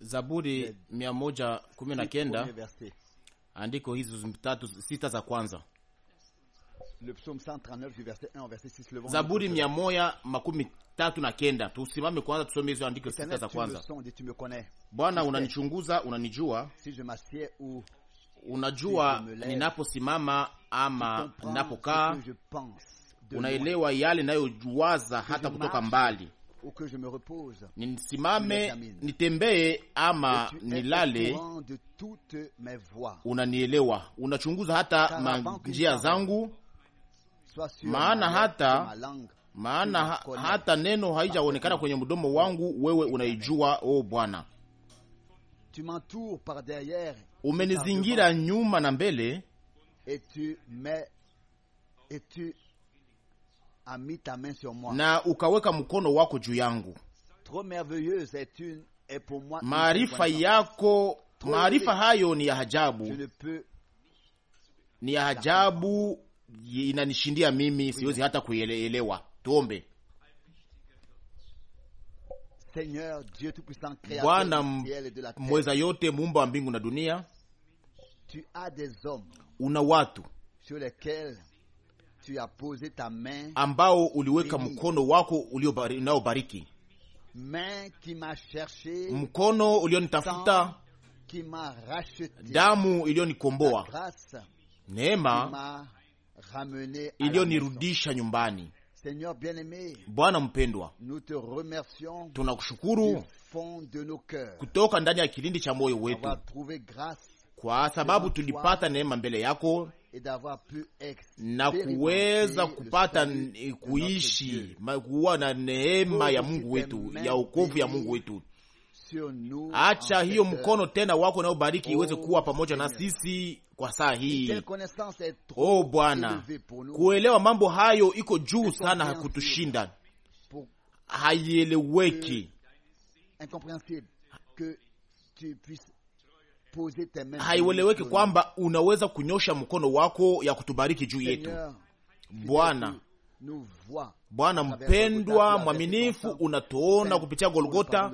Zaburi 119 andiko hizo tatu sita za kwanza. Zaburi mia moja makumi tatu na kenda. Tusimame kwanza tusome hizo andiko sita za kwanza. Bwana, unanichunguza, unanijua, unajua ninaposimama ama ninapokaa, unaelewa yale nayowaza hata kutoka mbali nisimame, nitembee ama nilale, unanielewa, unachunguza hata manjia zangu, maana hata maana hata neno haijaonekana kwenye mdomo wangu, wewe unaijua, o oh Bwana. Umenizingira nyuma na mbele et tu me, et tu na ukaweka mkono wako juu yangu. Maarifa yako, maarifa hayo ni ya ajabu, ni ya ajabu, inanishindia mimi, siwezi hata kuielewa. Tuombe. Bwana mweza yote, muumba wa mbingu na dunia, una watu ambao uliweka mkono wako unaobariki, mkono ulionitafuta, damu iliyonikomboa, neema iliyonirudisha nyumbani. Bwana mpendwa, tunakushukuru kutoka ndani ya kilindi cha moyo wetu kwa sababu tulipata neema mbele yako na kuweza kupata kuishi kuwa na neema ya Mungu wetu ya ukovu ya Mungu wetu. Acha hiyo mkono tena wako unaobariki iweze oh, kuwa pamoja na sisi kwa saa hii. O oh, Bwana, kuelewa mambo hayo iko juu sana, hakutushinda, haieleweki haiweleweki kwamba unaweza kunyosha mkono wako ya kutubariki juu yetu. Bwana Bwana mpendwa mwaminifu, unatuona kupitia Golgota,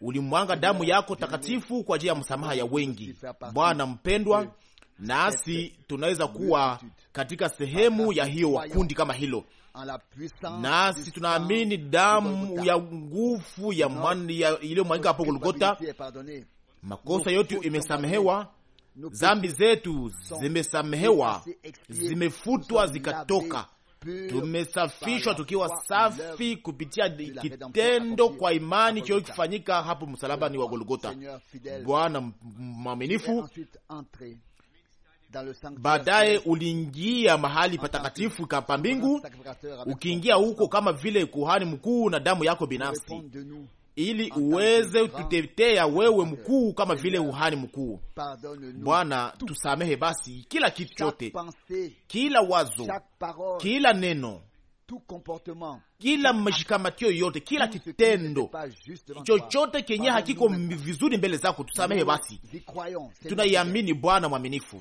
ulimwanga damu yako takatifu kwa ajili ya msamaha ya wengi. Bwana mpendwa, nasi tunaweza kuwa katika sehemu ya hiyo wakundi kama hilo, nasi tunaamini damu ya nguvu ya hapo Golgota makosa yote imesamehewa, zambi zetu zimesamehewa, zimefutwa zikatoka, tumesafishwa tukiwa safi kupitia kitendo kwa imani chio kifanyika hapo msalabani wa Golgota. Bwana mwaminifu Baadaye uliingia mahali patakatifu kapa mbingu, ukiingia huko kama vile kuhani mkuu na damu yako binafsi, ili uweze kututetea wewe mkuu, kama vile uhani mkuu. Bwana, tusamehe basi kila kitu chote, kila wazo, kila neno kila mashikamatio yote, kila kitendo chochote kenye hakiko vizuri mbele zako, tusamehe basi. Tunaiamini Bwana mwaminifu,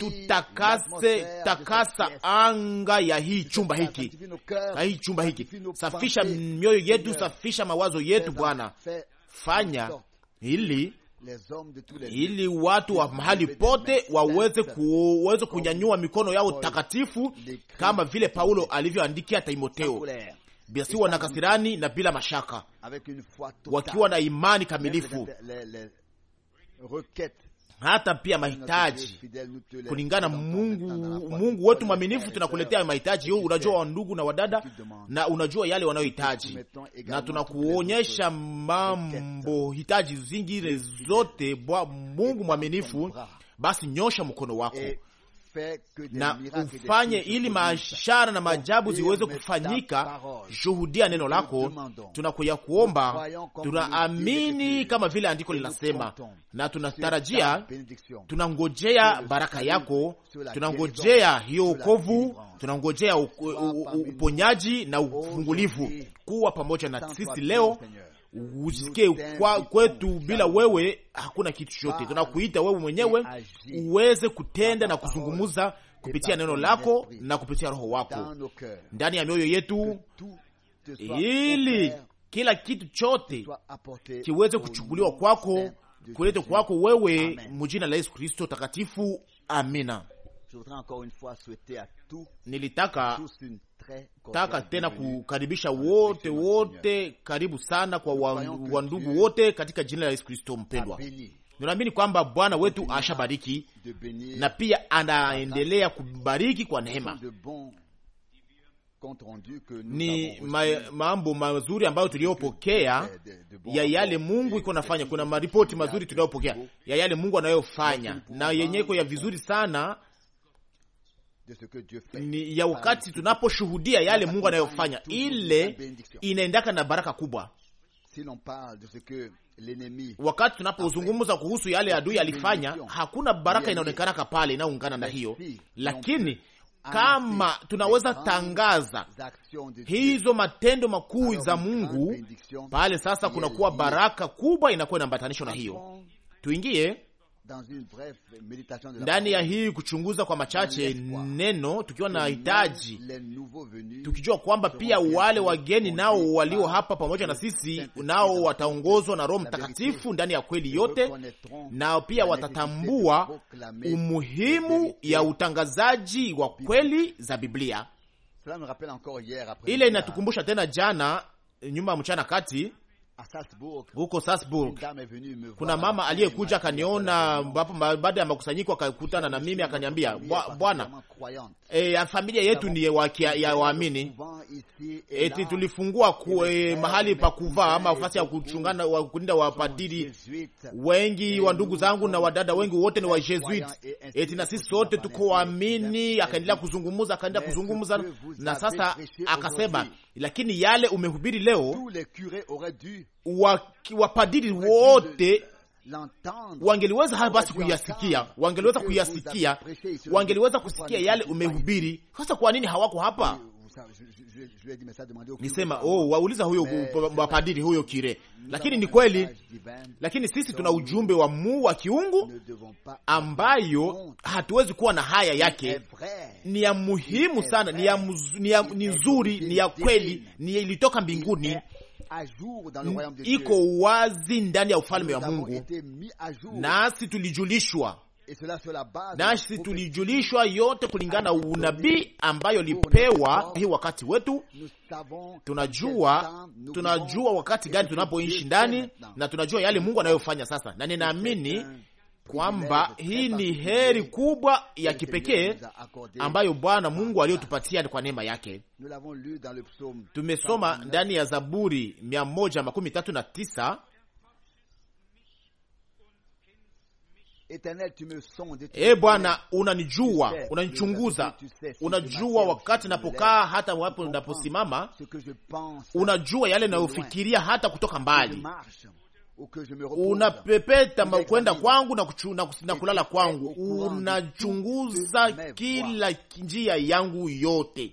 tutakase takasa anga ya hii chumba hiki ya hii chumba hiki, safisha mioyo yetu, safisha mawazo yetu Bwana, fanya ili ili watu wa mahali pote waweze kuweze kunyanyua mikono yao takatifu kama vile Paulo alivyoandikia Timoteo, biasiwa na kasirani na bila mashaka, wakiwa na imani kamilifu hata pia mahitaji kulingana Mungu Mungu wetu mwaminifu, tunakuletea mahitaji. Unajua wa ndugu na wadada, na unajua yale wanayohitaji, na tunakuonyesha mambo hitaji zingine zote. Bwa Mungu mwaminifu, basi nyosha mkono wako eh, na ufanye ili maashara na majabu oh, ziweze kufanyika. Shuhudia neno lako, tunakuya kuomba, tunaamini kama vile andiko linasema, na tunatarajia, tunangojea baraka yako, tunangojea hiyo wokovu, tunangojea uponyaji na ufungulivu kuwa pamoja na sisi leo usikie kwetu. Bila wewe hakuna kitu chochote. Tunakuita wewe mwenyewe uweze kutenda na kuzungumuza kupitia neno lako na kupitia roho wako ndani ya mioyo yetu, ili kila kitu chote kiweze kuchukuliwa kwako, kuletwa kwako wewe, mujina la Yesu Kristo takatifu. Amina. Nilitaka taka tena kukaribisha wote wote, karibu sana kwa wandugu wote katika jina la Yesu Kristo. Mpendwa, ninaamini kwamba Bwana wetu ashabariki na pia anaendelea kubariki kwa neema. Ni ma, mambo mazuri ambayo tuliyopokea ya yale Mungu iko nafanya. Kuna maripoti mazuri tunayopokea ya yale Mungu anayofanya na yenyeko ya vizuri sana ni ya wakati tunaposhuhudia yale Mungu anayofanya, ile inaendaka na baraka kubwa. Wakati tunapozungumza kuhusu yale adui alifanya, hakuna baraka inaonekanaka pale inayoungana na hiyo, lakini kama tunaweza tangaza hizo matendo makuu za Mungu pale, sasa kunakuwa baraka kubwa inakuwa inaambatanishwa na hiyo. Tuingie ndani ya hii kuchunguza kwa machache neno, tukiwa na hitaji, tukijua kwamba pia wale wageni nao walio hapa pamoja na sisi nao wataongozwa na Roho Mtakatifu ndani ya kweli yote, na pia watatambua umuhimu ya utangazaji wa kweli za Biblia. Ile inatukumbusha tena jana nyuma ya mchana kati huko Salzburg. Kuna mama aliyekuja akaniona ambapo baada ya makusanyiko akakutana na mimi akaniambia, bwana e, familia yetu ni ya waamini, e, tulifungua ku, e, mahali pa kuvaa ama nafasi ya kuchungana wa kulinda wapadiri wengi wa ndugu zangu na wadada wengi wote ni wa Jesuit, eti na sisi sote tuko waamini. Akaendelea kuzungumza akaendelea kuzungumza na sasa akasema lakini yale umehubiri leo, wapadiri wote wangeliweza haya basi kuyasikia, wangeliweza kuyasikia, wangeliweza kusikia yale umehubiri. Sasa kwa nini hawako hapa? nisema oh, wauliza huyo wapadiri huyo kire. Lakini ni kweli, lakini sisi tuna ujumbe wa muu wa kiungu ambayo hatuwezi kuwa na haya yake. Ni ya muhimu sana, ni ya ni ya nzuri, ni ya kweli, ni ilitoka mbinguni iko wazi ndani ya ufalme wa Mungu, nasi tulijulishwa nasi tulijulishwa yote kulingana na unabii ambayo lipewa hii wakati wetu. Tunajua, tunajua wakati gani tunapoishi ndani, na tunajua yale Mungu anayofanya sasa, na ninaamini kwamba hii ni heri kubwa ya kipekee ambayo Bwana Mungu aliyotupatia kwa neema yake. Tumesoma ndani ya Zaburi mia moja makumi tatu na tisa E Bwana, unanijua, unanichunguza, unajua wakati napokaa hata wapo naposimama, unajua yale nayofikiria hata kutoka mbali unapepeta kwenda kwangu na, kuchu, na, na kulala kwangu. Unachunguza kila njia yangu yote,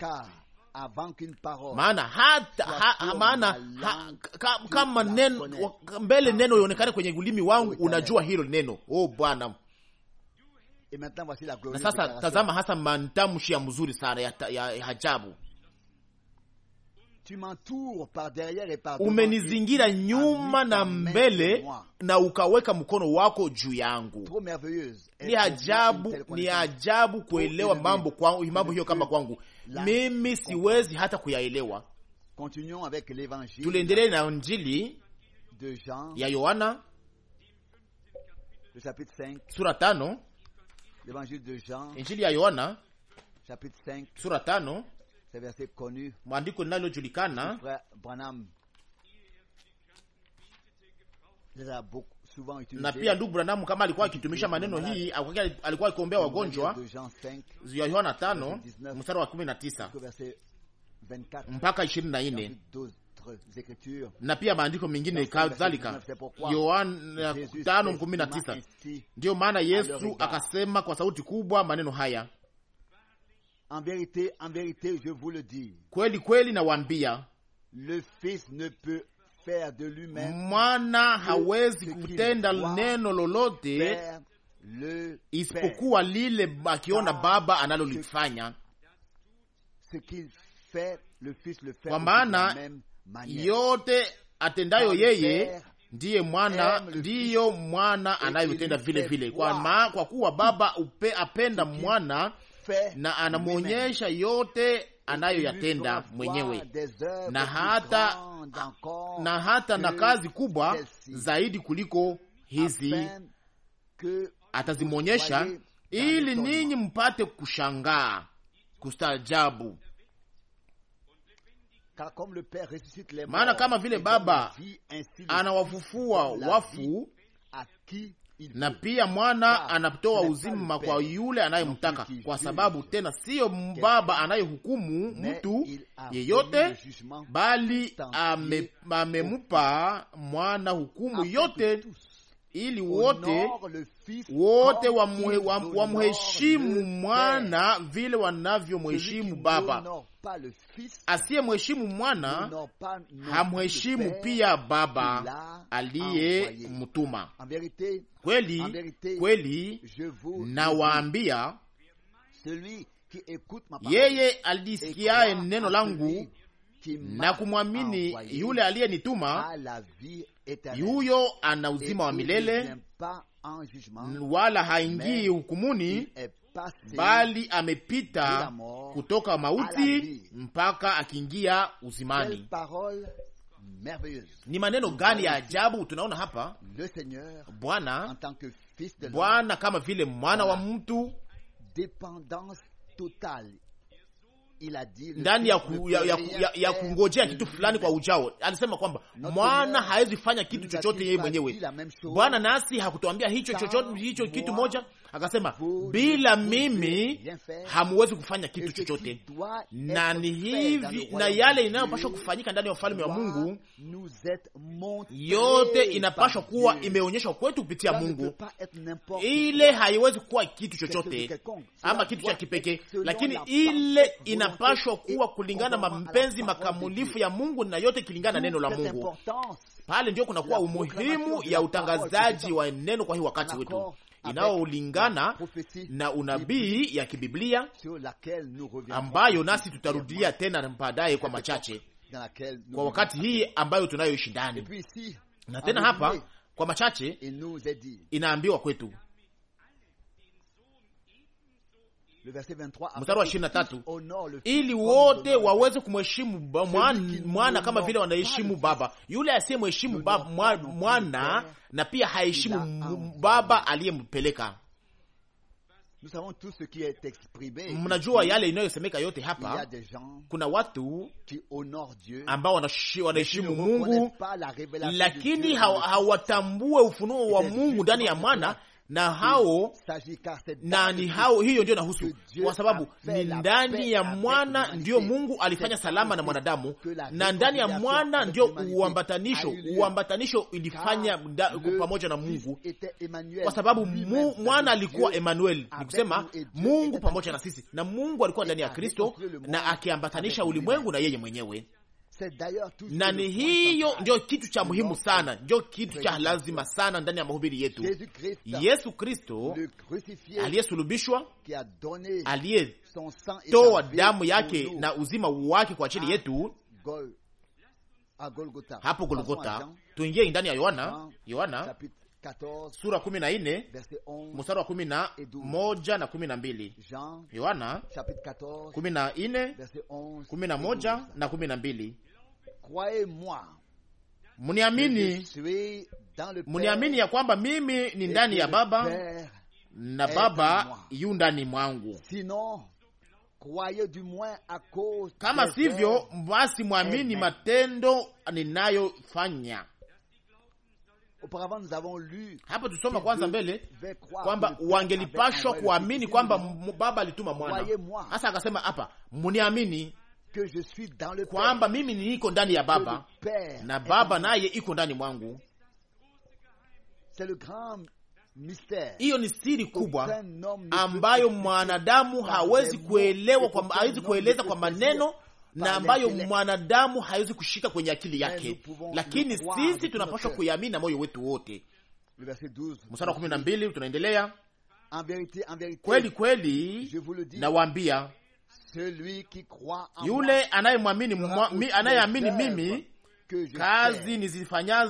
maana hata ha, maana ha, kama neno mbele neno ionekane kwenye ulimi wangu, unajua hilo neno. Oh Bwana, na sasa tazama hasa mantamshi ya mzuri sana ya, ya, ya hajabu Umenizingira nyuma na mbele na ukaweka mkono wako juu yangu. Ni ajabu, ni ajabu kuelewa mambo, mambo hiyo kama kwangu mimi siwezi hata kuyaelewa. Tuliendelee na njili ya Yohana sura tano, Injili ya Yohana sura tano, mwandiko linalojulikana na pia ndugu Branham kama alikuwa akitumisha maneno hii, alikuwa akiombea wagonjwa, Yohana 5 mstari wa 19 mpaka 24 na pia maandiko mengine kadhalika, Yohana 5:19. Ndiyo maana Yesu akasema kwa sauti kubwa maneno haya, En en vérité, vérité, je vous le dis. kweli kweli nawaambia le fils ne peut mwana hawezi kutenda neno lolote isipokuwa lile akiona baba analolifanya, kwa maana yote atendayo yeye ndiye mwana ndiyo mwana anayotenda vile vile, kwa, ma, kwa kuwa baba upe, apenda mwana na anamwonyesha yote anayoyatenda mwenyewe na hata, na hata na kazi kubwa zaidi kuliko hizi atazimwonyesha, ili ninyi mpate kushangaa kustaajabu. Maana kama vile Baba anawafufua wafu na pia mwana ah, anatoa uzima kwa yule anayemtaka, kwa sababu tena siyo baba anayehukumu mtu yeyote, bali amemupa mwana hukumu yote ili wote wote wamheshimu mwana vile wanavyomheshimu Baba. mheshimu mwana hamheshimu pia Baba mtuma. Kweli kweli nawaambia, yeye alisikiaye neno langu na kumwamini yule aliyenituma, ah, yuyo ana uzima wa milele, wala haingii hukumuni, bali amepita kutoka mauti mpaka akiingia uzimani. Ni maneno gani ya ajabu tunaona hapa! Bwana Bwana kama vile mwana wa mtu ndani ya, ku, ya, ya, ya, ya kungojea kitu fulani kwa ujao. Alisema kwamba mwana hawezi fanya kitu chochote yeye mwenyewe. Bwana nasi hakutuambia hicho chochote hicho kitu moja Akasema, bila mimi hamuwezi kufanya kitu chochote, na ni hivi na yale inayopashwa kufanyika ndani ya ufalme wa Mungu yote inapashwa kuwa imeonyeshwa kwetu kupitia Mungu. Ile haiwezi kuwa kitu chochote ama kitu cha kipekee, lakini ile inapashwa kuwa kulingana mapenzi makamulifu ya Mungu na yote ikilingana na neno la Mungu. Pale ndio kunakuwa umuhimu ya utangazaji wa neno kwa hii wakati wetu inaolingana na unabii ya kibiblia ambayo nasi tutarudia tena baadaye kwa machache, kwa wakati hii ambayo tunayoishi ndani na tena hapa kwa machache inaambiwa kwetu mstari wa ishirini na tatu ili wote waweze kumheshimu mwana kama vile wanaheshimu Baba. Yule asiyemheshimu mwana na pia haheshimu Baba aliyempeleka. Mnajua yale inayosemeka yote hapa. Kuna watu ambao wanaheshimu Mungu, lakini hawatambue ufunuo wa Mungu ndani ya mwana na hao na ni hao, hiyo ndio nahusu, kwa sababu ni ndani ya mwana ndio Mungu alifanya salama na mwanadamu, na ndani ya mwana ndio uambatanisho, uambatanisho ilifanya pamoja na Mungu, kwa sababu mu, mwana alikuwa Emmanuel, ni kusema Mungu pamoja na sisi, na Mungu alikuwa ndani ya Kristo na akiambatanisha ulimwengu na yeye mwenyewe na ni hiyo ndio kitu cha muhimu sana, ndio kitu cha lazima sana ndani ya mahubiri yetu. Yesu Kristo aliyesulubishwa, aliyetoa damu yake na uzima wake kwa ajili yetu hapo Golgota. Tuingie ndani ya Yohana, Yohana sura kumi na nne mstari wa kumi na moja na kumi na mbili Yohana kumi na nne kumi na moja na kumi na mbili Mniamini, mniamini ya kwamba mimi ni ndani ya Baba na Baba yu ndani mwangu. Kama sivyo, basi mwamini matendo ninayofanya. Hapo tusoma kwanza mbele kwamba wangelipashwa kuamini kwamba Baba alituma mwana. Sasa akasema hapa, mniamini kwamba mimi niko ndani ya Baba na Baba naye iko ndani mwangu. Hiyo ni siri kubwa ambayo mwanadamu hawezi kuelewa kwa, hawezi kueleza kwa maneno na ambayo mwanadamu hawezi kushika kwenye akili yake, lakini sisi tunapaswa kuiamini na moyo wetu wote. Mstari wa kumi na mbili tunaendelea. Kweli kweli nawaambia yule anayemwamini anayeamini mimi, kazi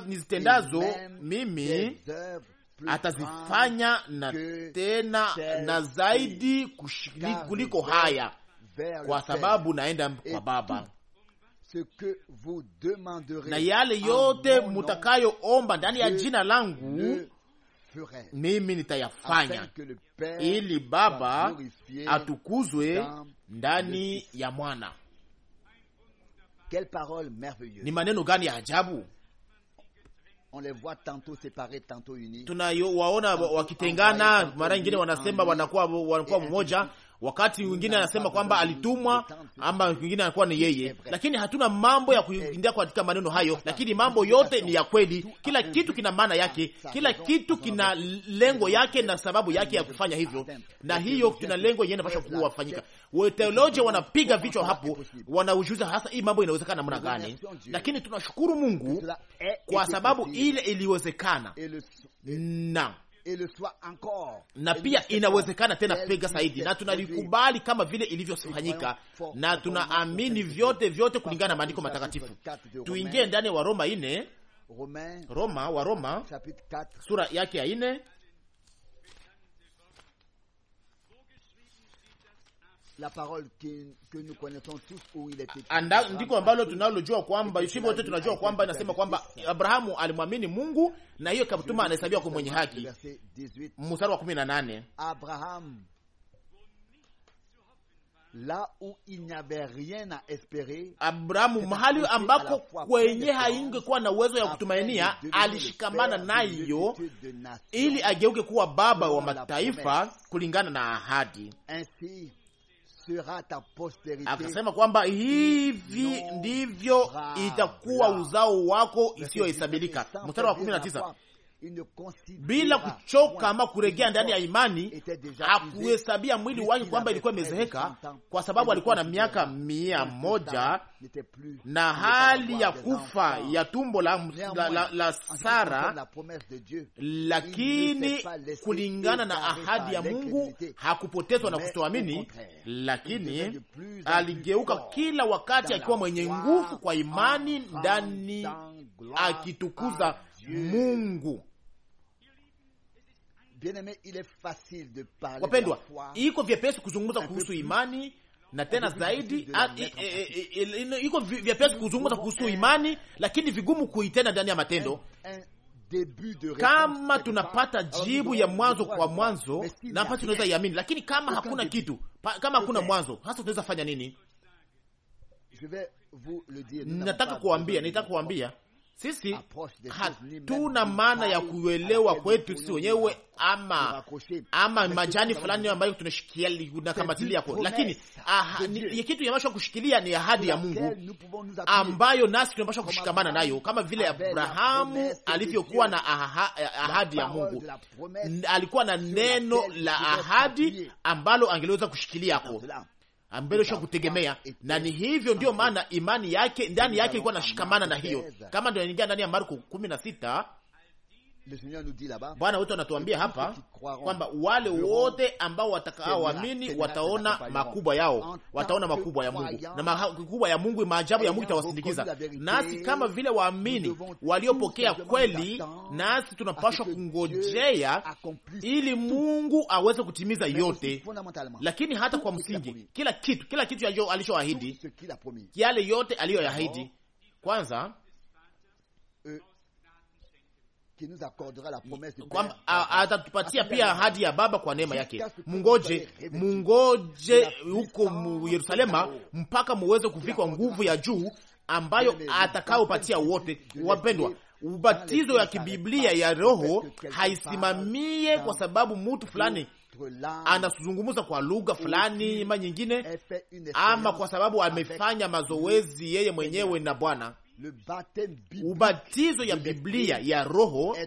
nizitendazo mimi atazifanya na tena na zaidi kuliko haya, kwa sababu naenda kwa Baba na yale yote mutakayoomba ndani ya jina langu mimi nitayafanya, ili Baba atukuzwe ndani ya mwana. Ni maneno gani ya ajabu! Tunawaona wakitengana, mara nyingine wanasema wanakuwa wanakuwa mmoja, wakati mwingine anasema kwamba alitumwa, ama wingine anakuwa ni yeye, lakini hatuna mambo ya kuingia katika maneno hayo, lakini mambo yote ni ya kweli. Kila kitu kina maana yake, kila kitu kina lengo yake na sababu yake ya kufanya hivyo, na hiyo tuna lengo yenye inapaswa kuwafanyika. Theolojia wanapiga vichwa hapo, wanaujuza hasa hii mambo inawezekana namna gani, lakini tunashukuru Mungu kwa sababu ile iliwezekana na na pia inawezekana tena pega zaidi, na tunalikubali kama vile ilivyofanyika, na tunaamini vyote vyote kulingana na maandiko matakatifu. Tuingie ndani ya Waroma ine Roma wa Roma sura yake ya ine ndiko ambalo tunalojua kwamba usivi wote tunajua kwamba inasema kwamba Abrahamu alimwamini Mungu na hiyo ikatuma anahesabiwa kwa mwenye haki. Mstari wa rien à espérer Abrahamu mahali ambako kwenye hainge kuwa na uwezo ya kutumainia, alishikamana nayo ili ageuke kuwa baba wa mataifa kulingana na ahadi. Ainsi, akasema kwamba hivi ndivyo itakuwa uzao wako isiyohesabika. Mstari wa kumi na tisa bila kuchoka ama kuregea ndani ya imani, hakuhesabia mwili wake kwamba ilikuwa imezeeka, kwa sababu alikuwa na miaka mia moja na hali ya kufa ya tumbo la, la, la, la Sara. Lakini kulingana na ahadi ya Mungu hakupotezwa na kutoamini, lakini aligeuka kila wakati akiwa mwenye nguvu kwa imani ndani, akitukuza Mungu Wapendwa, iko vyepesi kuzungumza kuhusu imani na tena zaidi iko vyepesi kuzungumza kuhusu imani, lakini vigumu kuitenda ndani ya matendo. Kama tunapata jibu ya mwanzo kwa mwanzo, na hapa tunaweza iamini, lakini kama hakuna kitu, kama hakuna mwanzo, hasa tunaweza fanya nini? Nataka kuambia, nataka kuambia sisi hatuna maana ya kuelewa kwetu sisi wenyewe ama, ama majani fulani ambayo tunakamatilia yako lakini ah, kitu inapashwa kushikilia ni ahadi ya Mungu ambayo nasi tunapashwa kushikamana nayo, kama vile Abrahamu alivyokuwa na eh, ahadi ya Mungu. Alikuwa na neno la ahadi ambalo angeliweza kushikiliako ambayo sha kutegemea, na ni hivyo ndiyo maana imani yake ndani yake ilikuwa nashikamana na hiyo, kama ndio inaingia ndani ya Marko 16 Bwana wetu anatuambia hapa kwamba wale wote ambao watakaoamini wataona makubwa yao, wataona makubwa ya Mungu na makubwa ya Mungu, maajabu ya Mungu itawasindikiza. Nasi kama vile waamini waliopokea kweli, nasi tunapashwa kungojea ili Mungu aweze kutimiza yote, lakini hata kwa msingi, kila kitu, kila kitu alichoahidi, yale yote aliyoyahidi, kwanza atatupatia pia ahadi ya Baba kwa neema yake. Mungoje, mungoje huko Yerusalema mpaka muweze kuvikwa nguvu ya juu ambayo atakayopatia wote. Wapendwa, ubatizo ya kibiblia ya Roho haisimamie kwa sababu mtu fulani anazungumza kwa lugha fulani ama nyingine, ama kwa sababu amefanya mazoezi yeye mwenyewe na Bwana ubatizo ya Biblia ya Roho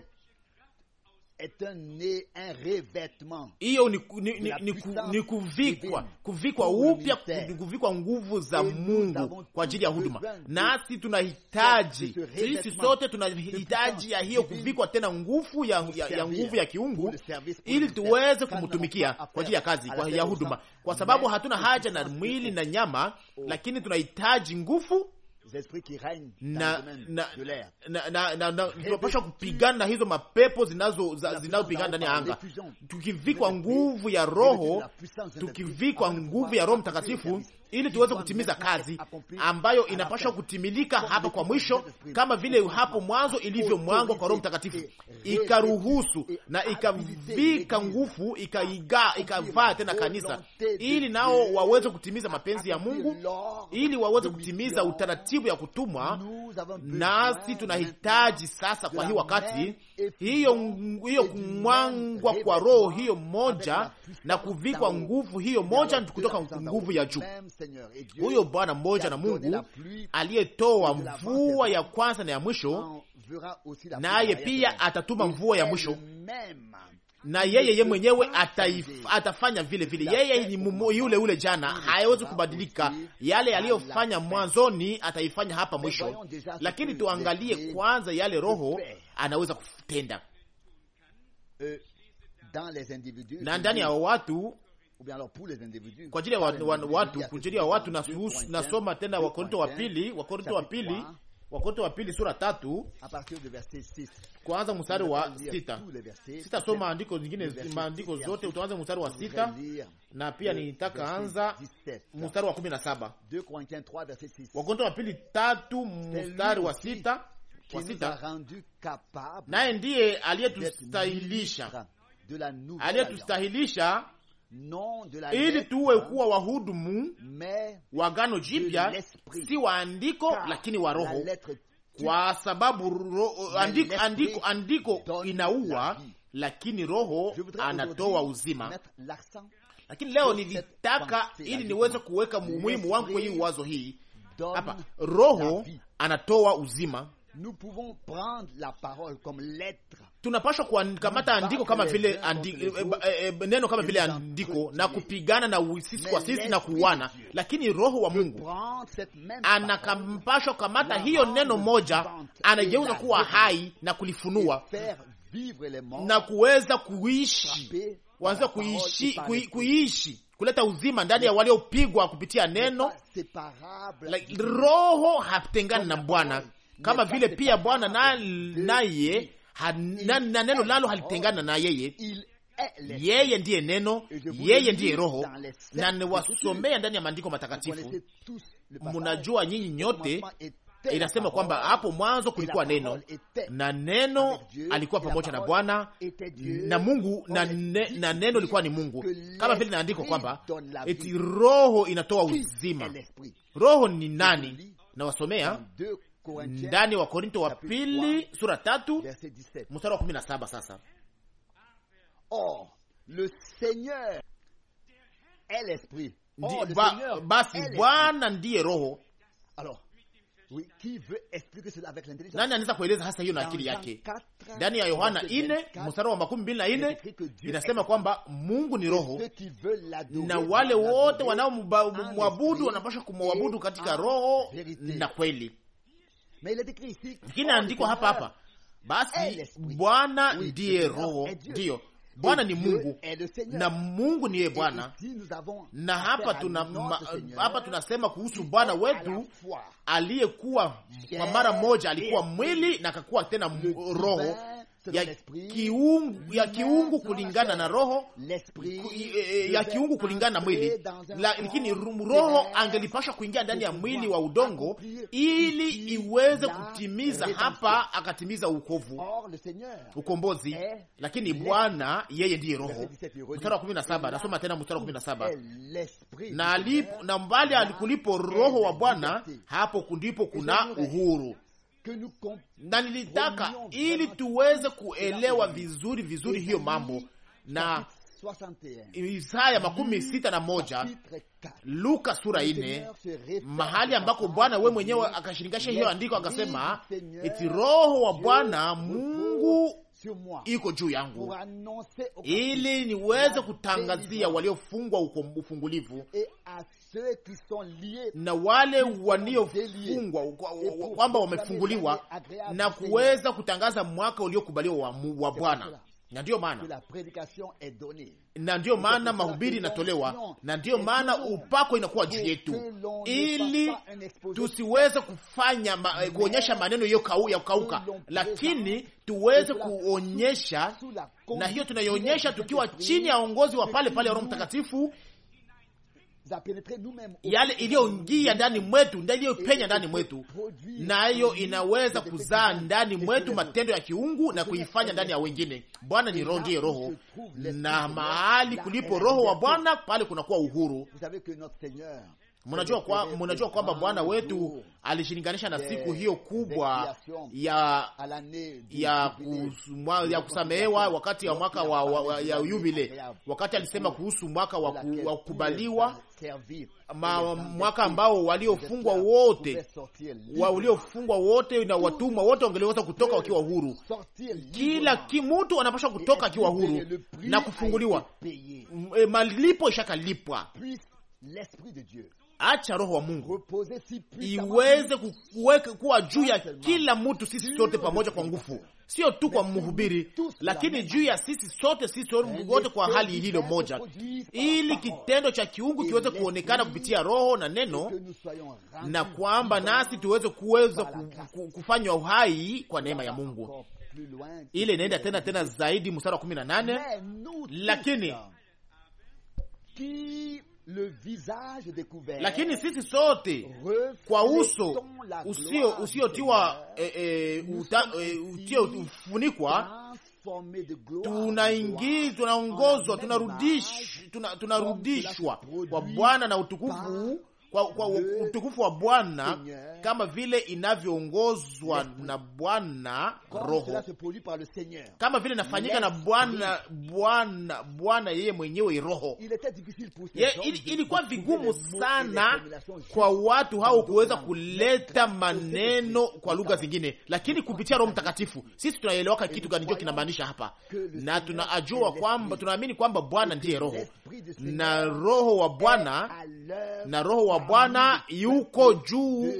hiyo ni, ni, ni, ni kuvikwa kuvikwa upya, kuvikwa nguvu za Mungu kwa ajili ya huduma. Nasi tunahitaji sisi sote tunahitaji ya hiyo kuvikwa tena nguvu ya, ya, ya nguvu ya kiungu, ili tuweze kumtumikia kwa ajili ya kazi kwa ya huduma, kwa sababu hatuna haja na mwili na nyama, oh. lakini tunahitaji nguvu esprits qui règnent dans le domaine de l'air. Tunapasha kupigana na hizo mapepo zinazopigana ndani ya anga, tukivikwa nguvu ya Roho, tukivikwa nguvu ya Roho Mtakatifu ili tuweze kutimiza kazi ambayo inapaswa kutimilika hapa kwa mwisho, kama vile hapo mwanzo ilivyo mwangwa kwa Roho Mtakatifu, ikaruhusu na ikavika nguvu, ikaiga ikavaa tena kanisa, ili nao waweze kutimiza mapenzi ya Mungu, ili waweze kutimiza utaratibu ya kutumwa. Nasi tunahitaji sasa, kwa hii wakati hiyo hiyo kumwangwa kwa roho hiyo moja na kuvikwa nguvu hiyo moja kutoka nguvu ya juu huyo Bwana mmoja na Mungu aliyetoa mvua ya kwanza na ya mwisho, naye pia atatuma mvua ya mwisho na yeye ye mwenyewe atafanya vile vile. Yeye ni yule yule jana, hawezi kubadilika. Yale aliyofanya mwanzoni ataifanya hapa mwisho, lakini tuangalie kwanza yale Roho anaweza kutenda euh, na ndani ya watu kwa ajili ya watu, kwa ajili ya watu. Nasoma tena Wakorinto wa pili, Wakorinto wa pili, Wakorinto wa pili sura tatu kuanza mstari wa sita. Sitasoma maandiko zingine, maandiko zote utaanza mstari wa sita na pia nitaka anza mstari wa kumi na saba Wakorinto wa pili tatu mstari wa sita naye ndiye aliyetustahilisha aliyetustahilisha ili tuwe kuwa wahudumu wa gano jipya, si waandiko lakini wa roho, kwa sababu ro, andiko, andiko, andiko inaua lakini roho anatoa uzima. Lakini leo nilitaka ili niweze kuweka muhimu wangu kwenye uwazo hii hapa, roho anatoa uzima tunapashwa kukamata andiko kama eh, vile eh, andiko, eh, neno kama vile andiko na kupigana na sisi kwa sisi na kuuana, lakini roho wa Mungu anakampashwa kamata hiyo neno moja, anageuza kuwa hai na kulifunua na kuweza kuishi wanza kuishi, kuishi kuleta uzima ndani ya waliopigwa kupitia neno. Roho hatengani na Bwana kama vile pia Bwana naye naneno na, neno lalo halitengana na yeye. Yeye ndiye neno, yeye ndiye roho. Na niwasomea ndani ya maandiko matakatifu, munajua nyinyi nyote inasema kwamba hapo mwanzo kulikuwa neno na neno alikuwa pamoja na Bwana na Mungu na, ne, na neno ilikuwa ni Mungu, kama vile inaandikwa kwamba eti roho inatoa uzima. Roho ni nani? Nawasomea ndani wa Korinto wa pili sura tatu mstari wa kumi na saba. Sasa oh, le Seigneur est l'esprit oh, ba, basi Bwana ndiye Roho. Nani anaweza kueleza hasa hiyo na akili yake? Ndani ya Yohana 4 mstari wa makumi mbili na nne inasema kwamba Mungu ni roho na wale wote wanaomwabudu wanapasha kumwabudu katika roho na kweli andiko hapa hapa, basi Bwana ndiye Roho, ndiyo Bwana ni Mungu na Mungu ni yeye Bwana. Na hapa tuna ma, hapa tunasema kuhusu Bwana wetu aliyekuwa kwa mara moja alikuwa mwili na akakuwa tena roho ya kiungu, e, ya kiungu kulingana na roho ya kiungu kulingana na mwili, lakini roho angelipasha kuingia ndani ya mwili wa udongo ili iweze kutimiza hapa, akatimiza ukovu ukombozi. Lakini Bwana yeye ndiye roho. Mstari wa 17 nasoma tena, mstari wa 17 na mbali alikulipo roho wa Bwana, hapo ndipo kuna uhuru na nilitaka ili tuweze kuelewa vizuri vizuri hiyo mambo na Isaya makumi sita na moja Luka sura ine mahali ambako Bwana we mwenyewe akashiringasha hiyo andiko akasema, eti Roho wa Bwana Mungu iko juu yangu, ili niweze kutangazia waliofungwa ufungulivu na wale waliofungwa kwamba wamefunguliwa, na kuweza kutangaza mwaka uliokubaliwa wa Bwana na ndiyo maana na ndiyo maana mahubiri inatolewa, na ndiyo maana upako inakuwa juu yetu, ili tusiweze kufanya ma, kuonyesha maneno ya ukauka lakini tuweze kuonyesha, na hiyo tunaionyesha tukiwa chini ya uongozi wa pale pale ya Roho Mtakatifu yale iliyoingia ndani mwetu nda iliyopenya ndani mwetu, nayo inaweza kuzaa ndani mwetu matendo ya kiungu na kuifanya ndani ya wengine. Bwana ni roho, ndiye roho, na mahali kulipo roho wa Bwana pale kunakuwa uhuru. Mnajua kwa mnajua kwamba Bwana wetu alishilinganisha na siku hiyo kubwa ya ya, kusuma, ya kusamehewa wakati ya mwaka wa, wa, ya yubile, wakati alisema kuhusu mwaka wa, wa kukubaliwa ma, mwaka ambao waliofungwa wote waliofungwa wote na watumwa wote wangeliweza kutoka wakiwa huru. Kila kimtu anapasha kutoka akiwa huru na kufunguliwa. Eh, malipo ishakalipwa acha roho wa Mungu iweze kuweka kuwa juu ya kila mtu, sisi sote pamoja kwa nguvu, sio tu kwa mhubiri, lakini juu ya sisi sote, sisi wote kwa hali hilo moja, ili kitendo cha kiungu kiweze kuonekana kupitia roho na neno, na kwamba nasi tuweze kuweza kufanywa uhai kwa neema ya Mungu. Ile inaenda tena tena zaidi, mstari wa kumi na nane lakini Le visage découvert, lakini sisi sote kwa uso usio usiotiwa eh, eh, eh utio ufunikwa tunaingizwa tunaongozwa tunarudishwa kwa Bwana na utukufu kwa, kwa utukufu wa Bwana kama vile inavyoongozwa na Bwana Roho, kama vile inafanyika na Bwana Bwana Bwana yeye mwenyewe Roho. Ilikuwa vigumu sana kwa watu hao kuweza kuleta maneno kwa lugha zingine, lakini kupitia Roho Mtakatifu sisi tunaelewaka kitu gani hicho kinamaanisha hapa, na tunaajua kwamba tunaamini kwamba Bwana ndiye Roho na Roho wa Bwana na Roho wa Bwana yuko juu,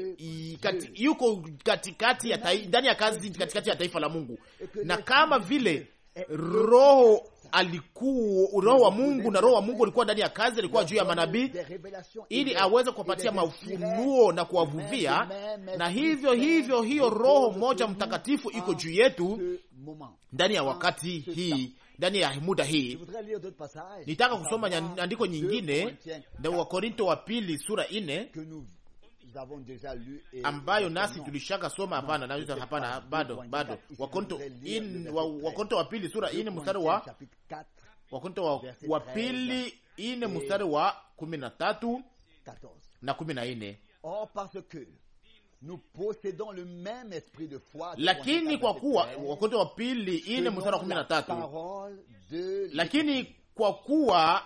kati, yuko katikati ya tai, ndani ya kazi katikati ya taifa la Mungu, na kama vile roho alikuwa roho wa Mungu na roho wa Mungu alikuwa ndani ya kazi, alikuwa juu ya manabii ili aweze kuwapatia mafunuo na kuwavuvia, na hivyo hivyo hiyo roho moja mtakatifu iko juu yetu ndani ya wakati hii ndani ya muda hii. Nitaka kusoma andiko nyingine na Wakorinto wa pili sura ine ambayo nasi tulishaka soma. Hapana, na hapana, bado bado. Wakorinto in Wakorinto wa pili sura ine mstari wa Wakorinto wa, wa pili ine mstari wa kumi na tatu na kumi na ine lakini kwa kuwa Wakorintho wa pili ine mstari wa kumi na tatu lakini kwa kuwa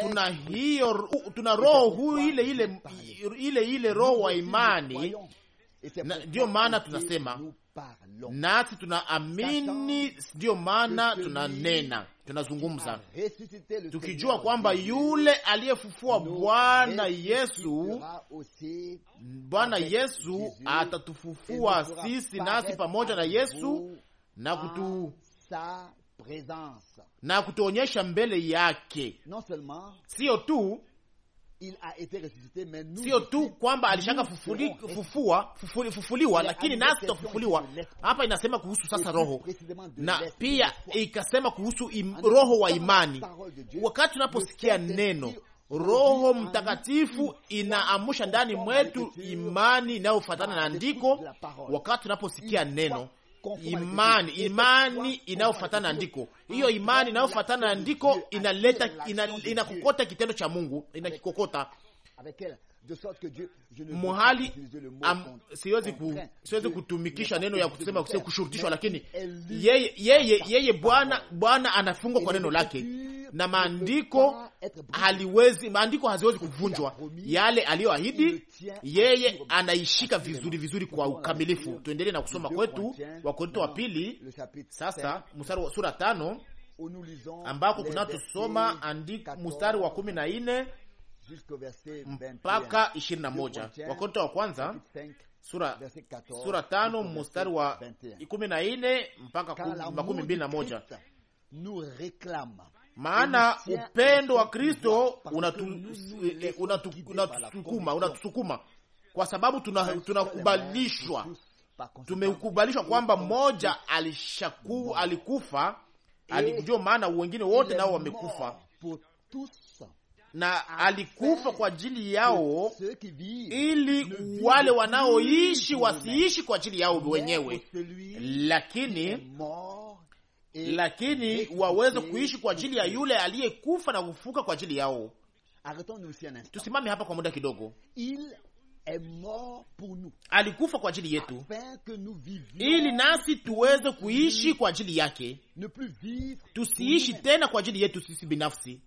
tuna hiyo tuna roho ile ile ile ile roho wa imani, ndiyo maana tunasema nasi tunaamini, ndiyo maana tunanena tunazungumza ah, eh, tukijua kwamba yule aliyefufua Bwana eh, Yesu, Bwana Yesu atatufufua sisi nasi pamoja na Yesu na kutu na kutuonyesha mbele yake, siyo tu sio tu kwamba alishaka fufuli, fufua, fufuli, fufuliwa, lakini nasi tofufuliwa. Hapa inasema kuhusu sasa roho na pia ikasema kuhusu im, roho wa imani. Wakati tunaposikia neno Roho Mtakatifu inaamusha ndani mwetu imani inayofuatana na andiko. Wakati tunaposikia neno imani, imani inayofuatana na andiko. Hiyo imani inayofuatana na andiko inaleta inakokota ina kitendo cha Mungu inakikokota mahali siwezi ku, siwezi kutumikisha neno ya kusema kushurutishwa, lakini yeye yeye, yeye Bwana Bwana anafungwa kwa neno lake na maandiko haliwezi, maandiko haziwezi kuvunjwa. Yale aliyoahidi yeye anaishika vizuri vizuri kwa ukamilifu. Tuendelee na kusoma kwetu Wakorinto wa pili sasa mstari wa sura tano ambako kunatusoma mstari wa kumi na nne mpaka ishirini na moja Wakorinto wa kwanza sura sura tano mstari wa kumi na nne mpaka makumi mbili na moja maana upendo wa Kristo unatusukuma eh, eh, unatusukuma, kwa sababu tunakubalishwa tuna tumekubalishwa kwamba mmoja alishaku alikufa, ndio maana wengine wote nao wamekufa na alikufa kwa ajili yao, ili wale wanaoishi wasiishi kwa ajili yao wenyewe, lakini lakini waweze kuishi kwa ajili ya yule aliyekufa na kufuka kwa ajili yao. Tusimame hapa kwa muda kidogo. Alikufa kwa ajili yetu ili nasi tuweze kuishi kwa ajili yake, tusiishi tena kwa ajili yetu sisi binafsi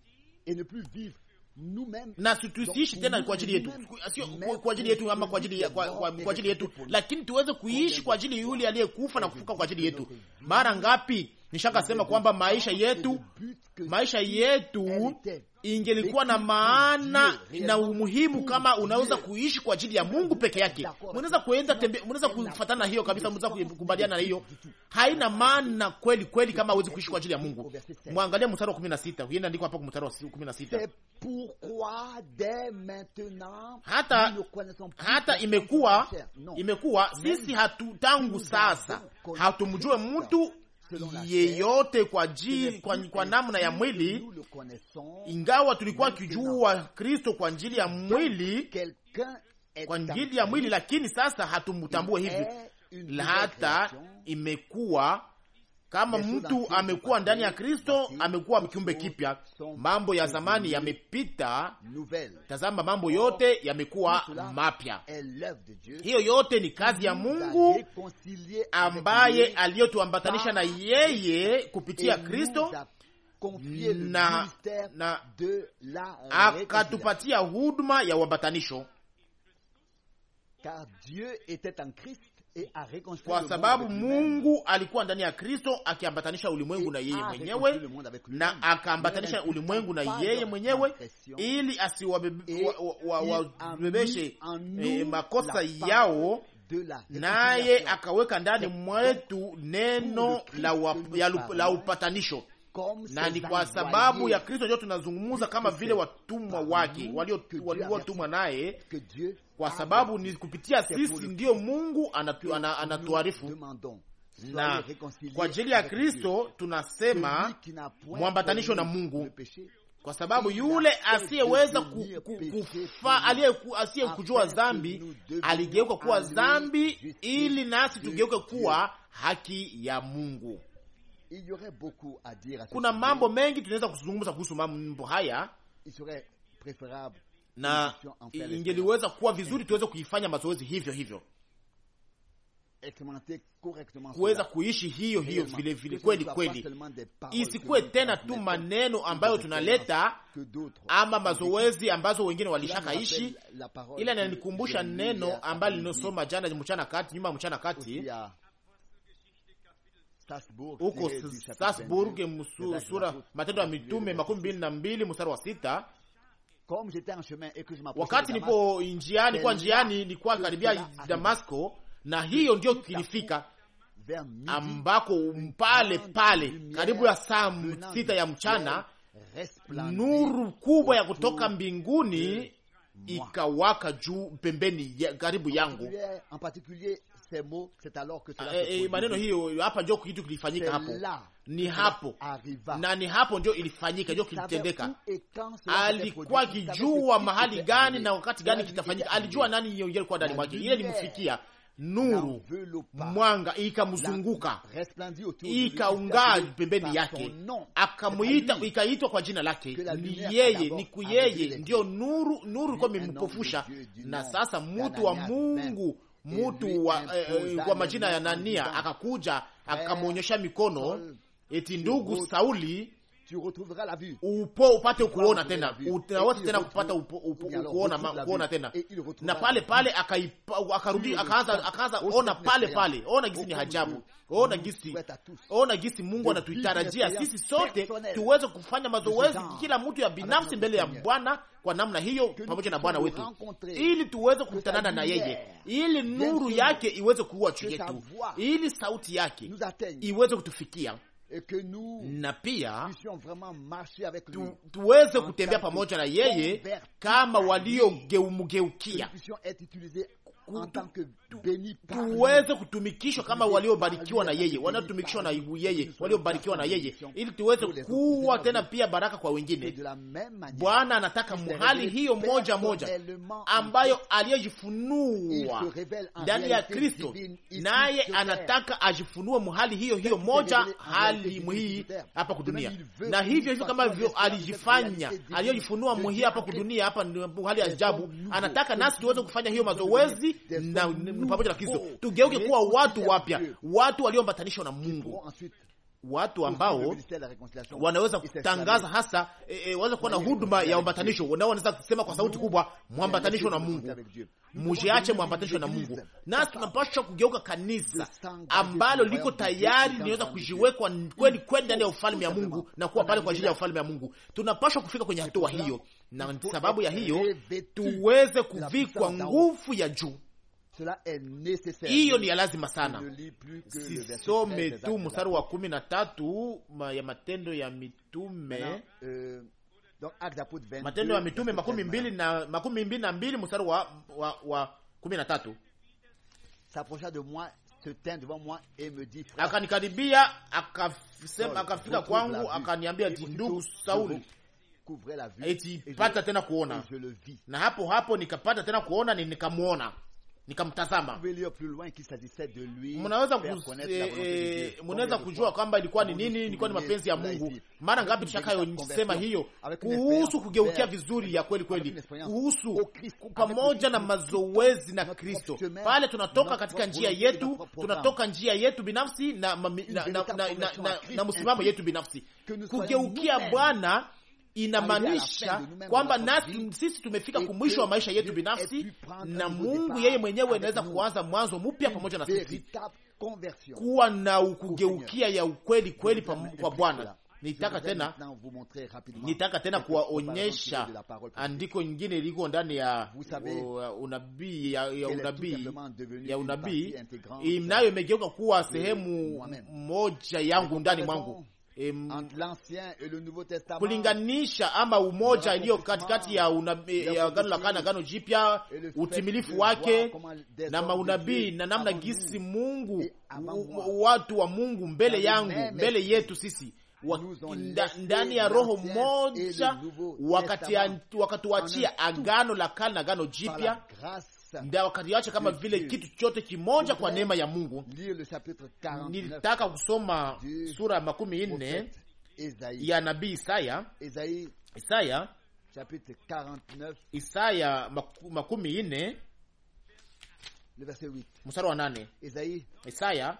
na tusiishi tena kwa ajili yetu, sio kwa ajili yetu ama kwa ajili kwa ajili yetu, lakini tuweze kuishi kwa ajili yule aliyekufa na kufuka kwa ajili yetu. Mara ngapi nishakasema kwamba maisha yetu, maisha yetu ingelikuwa na maana na umuhimu kama unaweza kuishi kwa ajili ya Mungu peke yake. Mnaweza kuenda tembe, mnaweza kufatana hiyo kabisa, mnaweza kukubaliana na hiyo. Haina maana kweli kweli kama hawezi kuishi kwa ajili ya Mungu. Mwangalie mstari wa 16. huenda andiko hapo kwa mstari wa 16. Hata hata imekuwa imekuwa sisi hatu tangu sasa hatumjue mtu yeyote kwa, kwa, kwa namna ya mwili, ingawa tulikuwa kijua Kristo kwa njili ya mwili, kwa njili ya mwili, lakini sasa hatumtambue hivi, hata imekuwa kama mtu amekuwa ndani ya Kristo, amekuwa kiumbe kipya, mambo ya zamani yamepita, tazama, mambo yote yamekuwa mapya. Hiyo yote ni kazi ya Mungu ambaye aliyotuambatanisha na yeye kupitia Kristo na, na akatupatia huduma ya uambatanisho. E kwa sababu Mungu alikuwa ndani ya Kristo akiambatanisha ulimwengu na yeye mwenyewe na akaambatanisha ulimwengu na yeye mwenyewe ili asiwabebeshe eh, makosa yao naye akaweka ndani mwetu neno la, wa, ya, la upatanisho na ni kwa sababu ya Kristo ndio tunazungumza kama vile watumwa wake waliotumwa naye kwa sababu ni kupitia sisi ndiyo Mungu anatuarifu na kwa ajili ya Kristo tunasema mwambatanisho na Mungu, kwa sababu yule asiyeweza asiye kujua dhambi aligeuka kuwa dhambi ili nasi tugeuke kuwa haki ya Mungu. Kuna mambo mengi tunaweza kuzungumza kuhusu mambo haya na ingeliweza kuwa vizuri eh. tuweze kuifanya mazoezi hivyo hivyo kuweza kuishi hiyo hiyo vile vile kweli kweli, isikuwe tena tu maneno ambayo tunaleta ama mazoezi ambazo wengine walishakaishi, ila nanikumbusha neno ambayo linosoma jana mchana kati nyuma mchana kati huko Strasburg, sura Matendo ya Mitume makumi mbili na mbili mstari wa sita wakati nipo njiani, kwa njiani nikuwa karibia Damasko, na hiyo ndiyo kilifika ambako pale pale karibu ya saa sita ya mchana nuru kubwa ya kutoka mbinguni ikawaka juu pembeni ya, karibu yangu Eh, eh, maneno hiyo hapa, ndio kitu kilifanyika hapo, ni hapo na ni hapo ndio ilifanyika, ndio kilitendeka. Alikuwa akijua mahali gani na wakati gani kitafanyika, alijua nani alikuwa ndani mwake, ile ilimfikia nuru mwanga ikamzunguka ikaungaa pembeni yake, akamuita ikaitwa kwa jina lake. Ni yeye, ni kuyeye ndio nuru. Nuru ilikuwa imempofusha, na sasa mtu wa Mungu mutu wa, eh, eh kwa majina ya Anania akakuja eh, akamwonyesha mikono eti ndugu Sauli tu retrouveras la vue, upo upate kuona tena, utaweza tena kupata kuona kuona tena, na pale pale akarudi, akaanza akaanza ona pale pale, ona gisi ni hajabu, ona gisi, ona gisi Mungu anatuitarajia sisi sote tuweze kufanya mazoezi, kila mtu ya binafsi mbele ya Bwana kwa namna hiyo, pamoja na Bwana wetu, ili tuweze kukutanana na yeye, ili nuru yake iweze kuwa chuo yetu, ili sauti yake iweze kutufikia na pia tu, tuweze kutembea pamoja na yeye kama waliomgeukia tuweze kutumikishwa kama waliobarikiwa na yeye, wanaotumikishwa na yeye, waliobarikiwa na yeye, ili tuweze kuwa tena pia baraka kwa wengine. Bwana anataka mhali hiyo moja moja ambayo aliyojifunua ndani ya Kristo, naye anataka ajifunue mhali hiyo hiyo moja hali hii hapa kudunia, na hivyo hivyo kama vyo alijifanya aliyojifunua mhii hapa kudunia, hapa hali ya ajabu, anataka nasi tuweze kufanya hiyo mazoezi na pamoja na Kristo, oh, tugeuke kuwa watu wapya, watu walioambatanishwa na Mungu, watu ambao wanaweza kutangaza hasa e, eh, e, eh, waweza kuwa na huduma ya ambatanisho nao wanaweza kusema kwa sauti kubwa, mwambatanisho na Mungu, mujiache mwambatanisho na Mungu. Nasi tunapaswa kugeuka kanisa ambalo liko tayari linaweza kujiwekwa kweli kweli ndani ya ufalme ya Mungu na kuwa pale kwa ajili ya ufalme ya Mungu. Tunapaswa kufika kwenye hatua hiyo na sababu ya hiyo tuweze kuvikwa nguvu ya juu. Hiyo ni ya lazima sana. Sisome tu mstari wa kumi na tatu ya Matendo ya Mitume, euh, Matendo ya Mitume makumi mbili na makumi mbili na mbili mstari wa, wa, wa kumi na tatu akanikaribia akafika kwangu akaniambia, ndugu Sauli eti tena kuona, na hapo hapo nikapata tena kuona, ni nikamwona nikamtazama. Mnaweza eh, eh, mnaweza kujua kwamba ilikuwa ni nini, ilikuwa ni mapenzi ya Mungu. Mara ngapi tushakayosema hiyo kuhusu kugeukia vizuri ya kweli kweli, kuhusu pamoja na mazoezi na Kristo, pale tunatoka katika njia yetu, tunatoka njia yetu binafsi na na msimamo yetu binafsi, kugeukia Bwana inamaanisha kwamba nasi sisi tumefika kumwisho wa maisha yetu binafsi, na Mungu yeye mwenyewe anaweza kuanza mwanzo mpya pamoja na sisi, kuwa na ukugeukia ya ukweli kweli kwa Bwana. Nitaka tena nitaka tena kuwaonyesha andiko nyingine iliko ndani ya unabii ya, ya unabii ya unabii inayo imegeuka kuwa sehemu moja yangu ndani mwangu kulinganisha ama umoja iliyo katikati ya Agano la Kale na Agano Jipya, utimilifu wake na maunabii na namna gisi Mungu watu wa Mungu mbele yangu mbele yetu sisi ndani ya roho moja wakatuachia Agano la Kale na Agano Jipya ndio wakati wache kama vile kitu chote kimoja kwa neema ya Mungu. Nilitaka kusoma sura ya makumi nne ya nabii Isaya, Isaya Isaya makumi nne mstari wa nane Isaya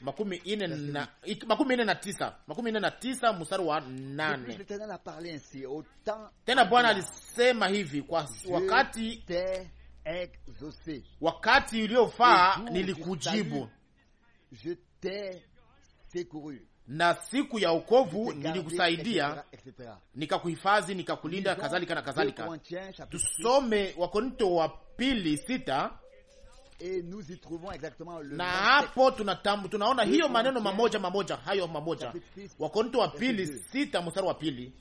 makumi ine na, makumi ine na tisa makumi ine na tisa mstari wa nane Tena Bwana alisema hivi kwa wakati wakati uliofaa nilikujibu, na siku ya ukovu nilikusaidia, nikakuhifadhi, nikakulinda, kadhalika na kadhalika. Tusome Wakorinto wa pili sita na hapo tunaona hiyo maneno mamoja mamoja hayo mamoja. Wakorinto wa pili sita mstari wa pili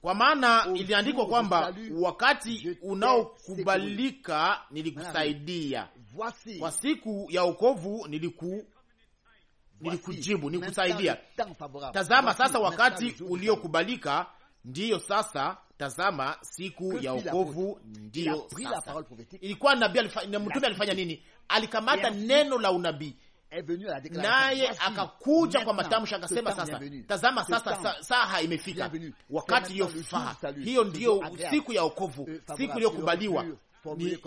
kwa maana iliandikwa kwamba wakati unaokubalika nilikusaidia, kwa siku ya okovu niliku nilikujibu nikusaidia. Tazama sasa wakati uliokubalika, ndiyo sasa tazama siku ya okovu ndiyo sasa. Ilikuwa nabii, mtume alifanya nini? Alikamata neno la unabii naye akakuja kwa matamshi akasema, sasa tazama, sasa saha imefika, wakati iliyofaa. Hiyo ndiyo siku ya okovu euh, siku iliyokubaliwa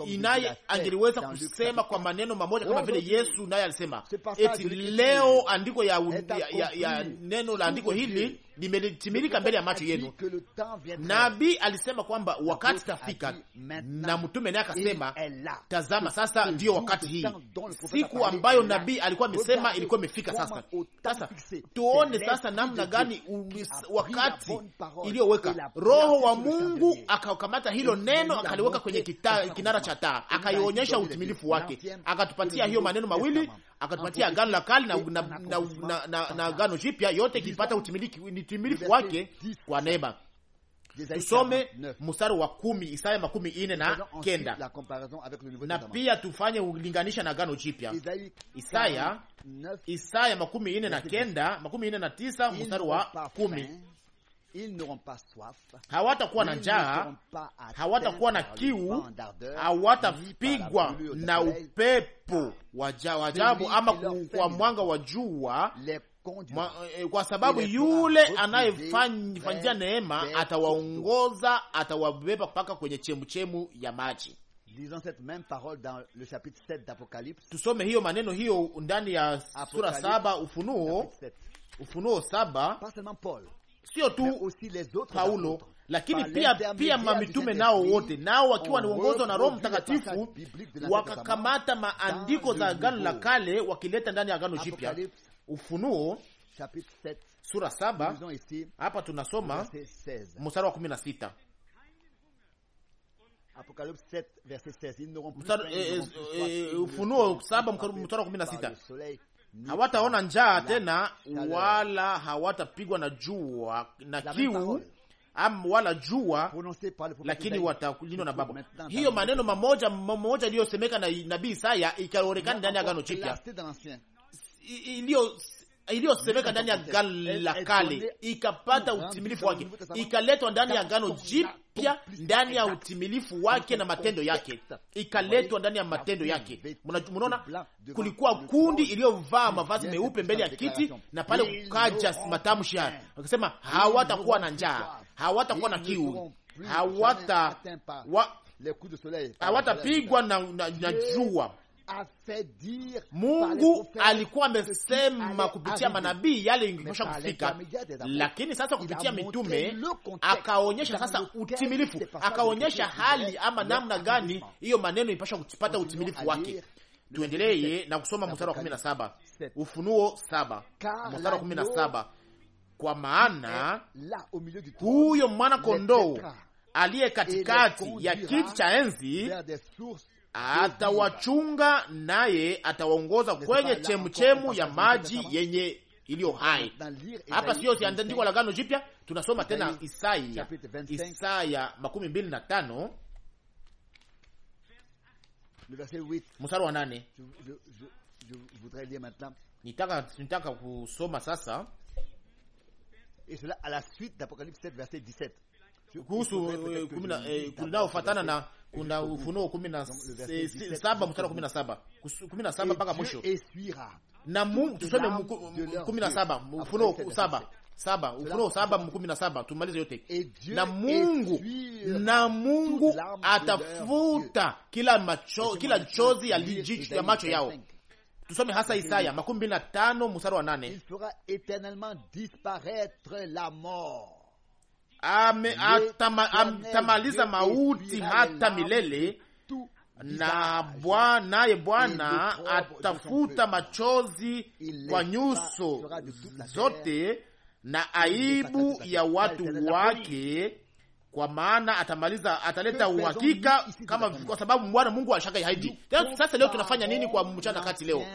inaye angeliweza kusema kwa maneno mamoja kama vile Yesu naye alisema eti leo andiko ya, ya, ya, ya neno la andiko hili limetimilika mbele ya macho yenu. Nabii alisema kwamba wakati tafika, na mtume naye akasema, tazama sasa ndiyo wakati hii. Siku ambayo nabii alikuwa amesema ilikuwa imefika. Sasa sasa tuone sasa namna gani wakati iliyoweka Roho wa Mungu akakamata hilo neno akaliweka kwenye kita, kinara cha taa akaionyesha utimilifu wake, akatupatia hiyo maneno mawili akatupatia agano la kale na, na, na, na, na, na, na agano jipya, yote ikipata utimilifu wake kwa neema. Tusome mstari wa kumi Isaya makumi ine na kenda na pia tufanye ulinganisha na agano jipya. Isaya Isaya makumi ine na kenda makumi ine na tisa mstari wa kumi hawatakuwa na njaa, hawatakuwa na kiu, hawatapigwa na upepo wa ajabu ama kwa mwanga wa jua Ma, eh, kwa sababu yule anayefanyia neema atawaongoza, atawabeba mpaka kwenye chemuchemu ya maji. Tusome hiyo maneno hiyo ndani ya sura saba Ufunuo, Ufunuo saba sio tu Paulo lakini pia pia mamitume nao wote nao wakiwa niongozwa na Roho Mtakatifu wakakamata maandiko za Agano la Kale wakileta ndani ya Agano Jipya. Ufunuo sura saba hapa tunasoma mstari wa kumi na sita. Eh, eh, eh, Ufunuo saba mstari wa kumi na sita hawataona njaa tena, wala hawatapigwa na jua na kiu am wala jua, lakini watalindwa na Baba. Hiyo maneno mamoja mamoja iliyosemeka na nabii Isaya ikaonekana ndani ya Agano Jipya iliyo iliyosemeka ndani ya gano eh, la eh, kale ikapata utimilifu wake, ikaletwa ndani ya gano jipya, ndani ya utimilifu wake na matendo yake, ikaletwa ndani ya matendo yake. Mnaona, kulikuwa kundi iliyovaa mavazi meupe mbele ya kiti, na pale kukaja matamshi haya, akasema hawatakuwa na njaa, hawatakuwa na kiu, hawata hawatapigwa na, na, na jua Mungu alikuwa amesema kupitia manabii yale ingekwisha kufika, lakini sasa kupitia mitume akaonyesha sasa utimilifu, akaonyesha hali ama namna gani hiyo maneno ipasha kupata utimilifu wake. Tuendelee na kusoma mstari wa 17, Ufunuo 7 mstari wa 17, kwa maana huyo mwana kondoo aliye katikati ya kiti cha enzi atawachunga naye atawaongoza kwenye chemuchemu ya maji yenye iliyo hai. Hapa siyo siandiko la gano Jipya, tunasoma tena Isaya, Isaya makumi mbili na tano mstari wa nane. Nitaka nitaka kusoma sasa kuhusu eh, kunaofatana eh, na kuna Ufunuo kumi na saba mstari wa kumi na saba kumi na saba mpaka mwisho, na Mungu tusome kumi na saba Ufunuo saba saba Ufunuo saba kumi na saba tumalize yote. Na Mungu na Mungu atafuta kila macho, kila chozi ya macho yao. Tusome hasa Isaya makumi mbili na tano mstari wa nane atamaliza mauti hata milele na naye Bwana atafuta machozi kwa nyuso zote na aibu ya watu wake, kwa maana atamaliza, ataleta uhakika kama, kwa sababu Bwana Mungu ashaka haidi. Sasa leo tunafanya nini kwa mchana kati leo?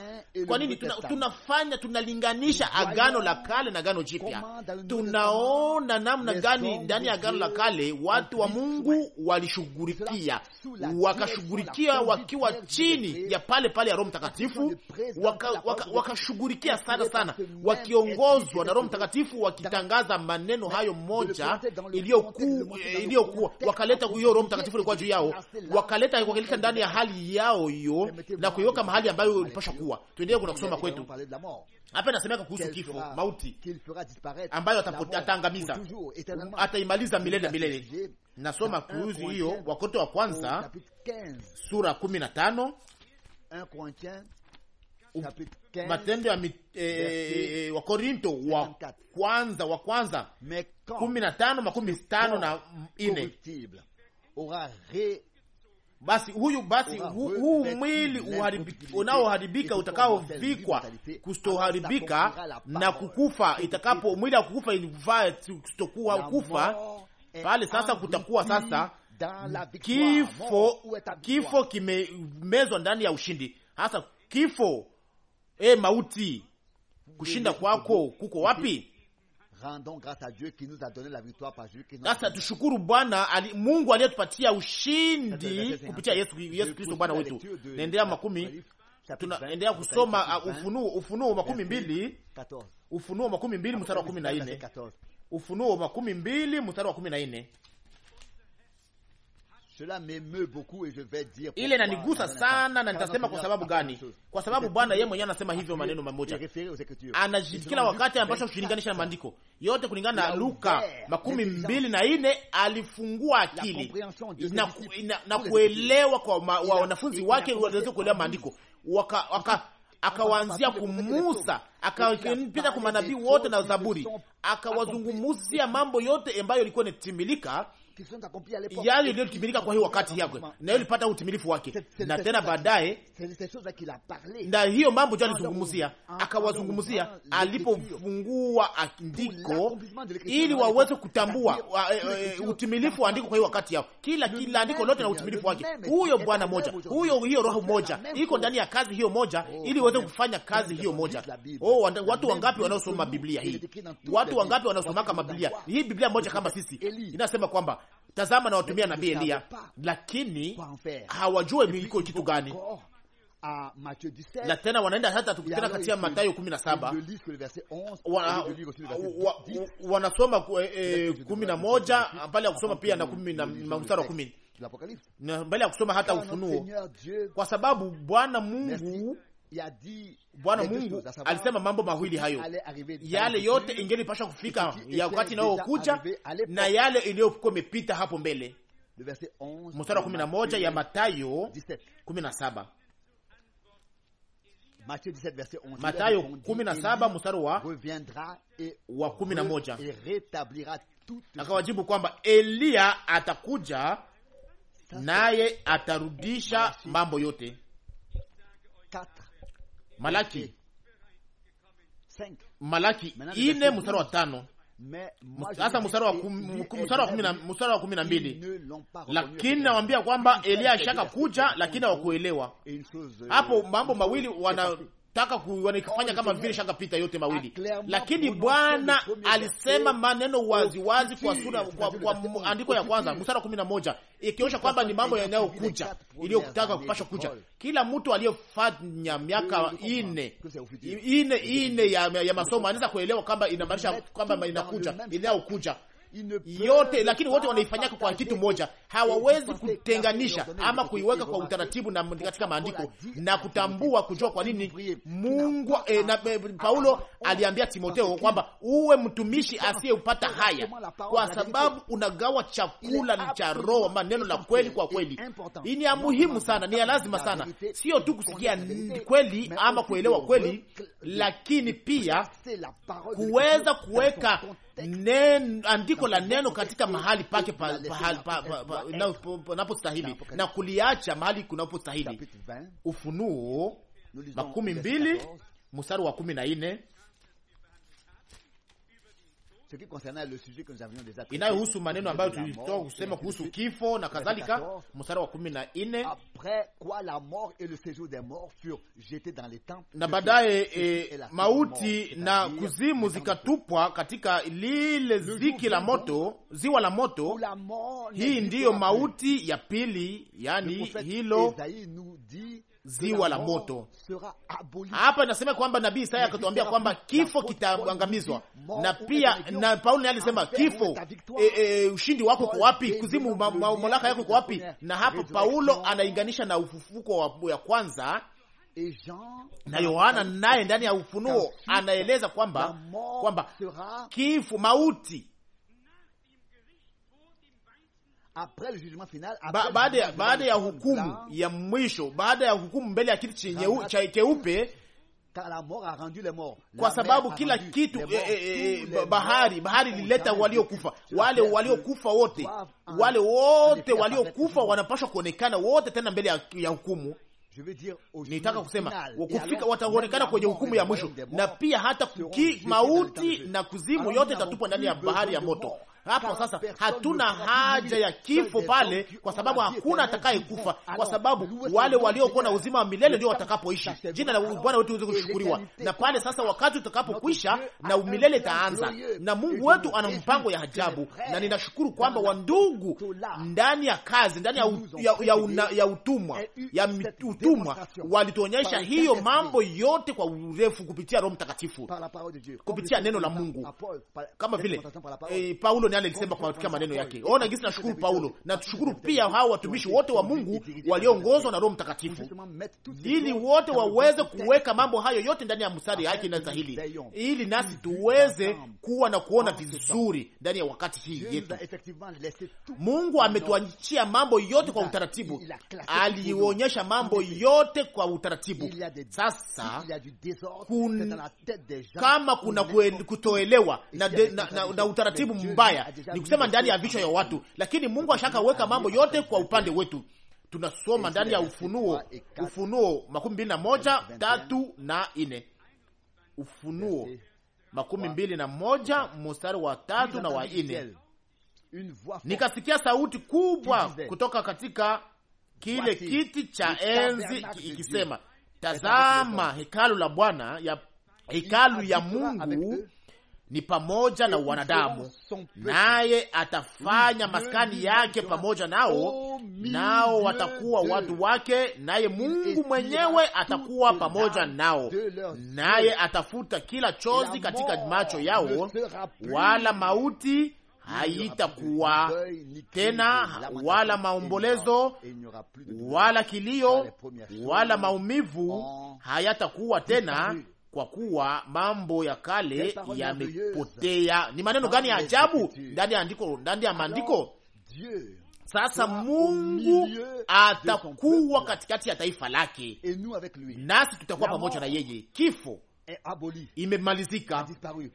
Kwa nini tunafanya, tunalinganisha agano la kale na agano jipya? Tunaona namna gani ndani ya agano la kale watu wa Mungu walishughulikia, wakashughulikia wakiwa chini ya pale pale ya Roho Mtakatifu, wakashughulikia waka, waka sana sana, wakiongozwa na Roho Mtakatifu, wakitangaza maneno hayo moja iliyokuwa iliyokuwa, wakaleta hiyo Roho Mtakatifu ilikuwa juu yao, wakaleta wakaleta ndani ya hali yao hiyo na kuiweka mahali ambayo ilipasha kuwa kuendelea kuna kusoma kwetu hapa inasemeka kuhusu kifo, mauti ambayo ataangamiza, ataimaliza milele na milele. Nasoma kuhusu hiyo wakorinto wa kwanza sura kumi na tano matendo ya eh, Wakorinto eh, wa kwanza wa kwanza kumi na tano makumi tano na ine basi huyu basi hu, huu mwili unaoharibika utakaovikwa kustoharibika na kukufa, itakapo mwili akukufa kukufa kustokuwa kufa pale, sasa kutakuwa sasa kifo, kifo kimemezwa ndani ya ushindi. Hasa kifo, e mauti, kushinda kwako kuko wapi? Sasa tushukuru Bwana ali, Mungu aliyetupatia ushindi kupitia Yesu, Yesu Kristo Bwana wetu. Naendelea makumi tunaendelea kusoma ah, Ufunuo, Ufunuo makumi mbili, Ufunuo makumi mbili mstari wa kumi na nne, Ufunuo makumi mbili mstari wa kumi na nne ile nanigusa sana na nitasema kwa sababu gani? Kwa sababu Bwana yeye mwenyewe anasema hivyo maneno mamoja, anajikila wakati ambacho kulinganisha na maandiko yote kulingana na Luka makumi mbili na ine, alifungua akili na, na, na kuelewa kwa ma, wa, wanafunzi wake waliweza kuelewa maandiko waka, waka akawaanzia kumusa akapita kwa manabii wote na Zaburi akawazungumuzia mambo yote ambayo ilikuwa inatimilika yale iliyotimilika kwa hii wakati yake na hiyo ilipata utimilifu wake, na tena baadaye, na hiyo mambo jo alizungumzia, akawazungumzia alipofungua andiko ili waweze kutambua e, utimilifu wa andiko kwa hii wakati yao, kila kila andiko lote na utimilifu wake. Huyo Bwana moja, huyo hiyo Roho moja iko ndani ya kazi hiyo moja, oh, ili waweze kufanya kazi hiyo moja. Oh, watu wangapi wanaosoma Biblia hii? Watu wangapi wanaosomaka mabiblia hii? Biblia moja kama sisi inasema kwamba tazama, nawatumia nabii Eliya, lakini hawajue iko kitu gani uh, na tena wanaenda hata tena katika Mathayo kumi na saba wanasoma eh, eh, kumi na moja mbali ya kusoma pia na kumi na mstari wa kumi mbali ya kusoma hata Ufunuo, kwa sababu Bwana Mungu Bwana Mungu alisema mambo mawili hayo, yale yote ingelipasha kufika ya wakati inayokuja na yale iliyokuwa imepita hapo mbele. Mstari wa 11 ya Matayo 17 Matayo 17 mstari wa wa 11, akawajibu kwamba Eliya atakuja naye atarudisha mambo yote. Quatre. Malaki Malaki ine mstari wa tano hasa mstari wa kumi na mbili lakini nawambia kwamba Eliya ashaka kuja, lakini hawakuelewa. Hapo euh, mambo mawili wana taka kuonekana kama vile shakapita yote mawili, lakini Bwana alisema maneno wazi wazi kwa sura kwa, kwa andiko ya kwanza mstari wa 11 ikionyesha kwamba ni mambo yanayokuja iliyotaka kupasha kuja. Kila mtu aliyefanya miaka ine ine ine ya, ya masomo anaweza kuelewa kwamba inamaanisha kwamba inakuja inayokuja yote, lakini wote wanaifanyaka kwa kitu moja. Hawawezi kutenganisha ama kuiweka kwa utaratibu na katika maandiko na kutambua, kujua kwa nini Mungu eh, na, eh, Paulo aliambia Timotheo kwamba uwe mtumishi asiyeupata haya, kwa sababu unagawa chakula cha roho, maneno la kweli kwa kweli. Hii ni ya muhimu sana, ni ya lazima sana, sio tu kusikia kweli ama kuelewa kweli, lakini pia kuweza kuweka andiko la neno katika mahali pake panapostahili na kuliacha mahali kunapostahili. Ufunuo makumi mbili mstari wa kumi na nne inayohusu maneno ambayo tulitoka kusema kuhusu kifo na kadhalika. Mstari wa kumi na nne na baadaye e, mauti na kuzimu zikatupwa katika lile ziki la moto, ziwa la moto. Hii ndiyo mauti ya pili, yani hilo ziwa la moto. Hapa inasema kwamba nabii Isaya akatuambia kwamba kifo kitaangamizwa, na pia na Paulo naye alisema kifo, e, e, ushindi wako uko wapi? Kuzimu, mamlaka yako uko wapi? Na hapo Paulo anainganisha na ufufuko wa ya kwanza na Yohana naye ndani ya Ufunuo anaeleza kwamba kwamba kifo, mauti baada ya, baada ya hukumu ya mwisho, baada ya hukumu mbele ya kitu cha keupe, kwa sababu kila kitu eh, eh, eh bahari bahari lileta waliokufa, wale waliokufa wote, wale wote waliokufa wanapashwa kuonekana wote tena mbele ya, ya hukumu Nitaka kusema kufika wataonekana kwenye hukumu ya mwisho, na pia hata mauti na kuzimu yote itatupwa ndani ya bahari ya moto, hapo sasa hatuna haja ya kifo pale, kwa sababu hakuna atakayekufa, kwa sababu wale waliokuwa na uzima wa milele ndio watakapoishi. Jina la Bwana wetu liweze kushukuriwa. Na pale sasa, wakati utakapokwisha na milele itaanza, na Mungu wetu ana mpango ya ajabu, na ninashukuru kwamba wandugu ndani ya kazi, ndani ya, ya, ya, una, ya utumwa ya utumwa walituonyesha hiyo mambo yote kwa urefu kupitia Roho Mtakatifu, kupitia neno la Mungu kama vile eh, Paulo yale alisema kwa katika maneno yake. Ona gisi, nashukuru Paulo na tushukuru pia hao watumishi wote wa Mungu walioongozwa na Roho Mtakatifu ili wote waweze kuweka mambo hayo yote ndani ya mstari yake inayostahili, ili nasi tuweze kuwa na kuona vizuri ndani ya wakati hii yetu. Mungu ametuachia mambo yote kwa utaratibu, alionyesha mambo yote kwa utaratibu. Sasa kun, kama kuna kutoelewa na, na, na, na utaratibu mbaya ni kusema ndani ya vichwa ya watu, lakini Mungu ashakaweka mambo yote kwa upande wetu. Tunasoma ndani ya Ufunuo, Ufunuo makumi mbili na moja tatu na ine. Ufunuo makumi mbili na moja mustari wa tatu na wa ine. Nikasikia sauti kubwa kutoka katika kile kiti cha enzi ikisema, tazama hekalu la Bwana ya hekalu ya Mungu ni pamoja na wanadamu, naye atafanya maskani yake pamoja nao, nao watakuwa watu wake, naye Mungu mwenyewe atakuwa pamoja nao, naye atafuta kila chozi katika macho yao, wala mauti haitakuwa tena, wala maombolezo wala kilio wala maumivu oh. hayatakuwa tena kwa kuwa mambo ya kale yamepotea. Ni maneno gani ya ajabu ndani ya andiko, ndani ya maandiko! Sasa Mungu atakuwa katikati ya taifa lake, nasi tutakuwa pamoja na yeye. Kifo imemalizika,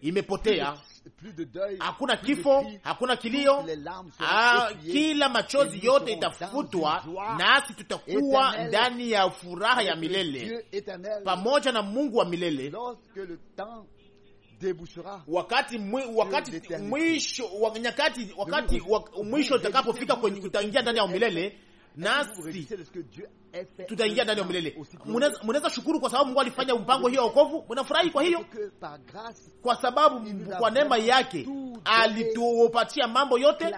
imepotea. Hakuna kifo, hakuna kilio, ah, kila machozi yote itafutwa, nasi tutakuwa ndani ya furaha ya milele pamoja na Mungu wa milele. Wakati wakati mwisho wakati wakati mwisho utakapofika, kwenye utaingia ndani ya milele nasi tutaingia ndani ya milele. Mnaweza shukuru kwa sababu Mungu alifanya mpango hiyo wokovu. Mnafurahi kwa hiyo, kwa sababu kwa neema yake alituopatia mambo yote,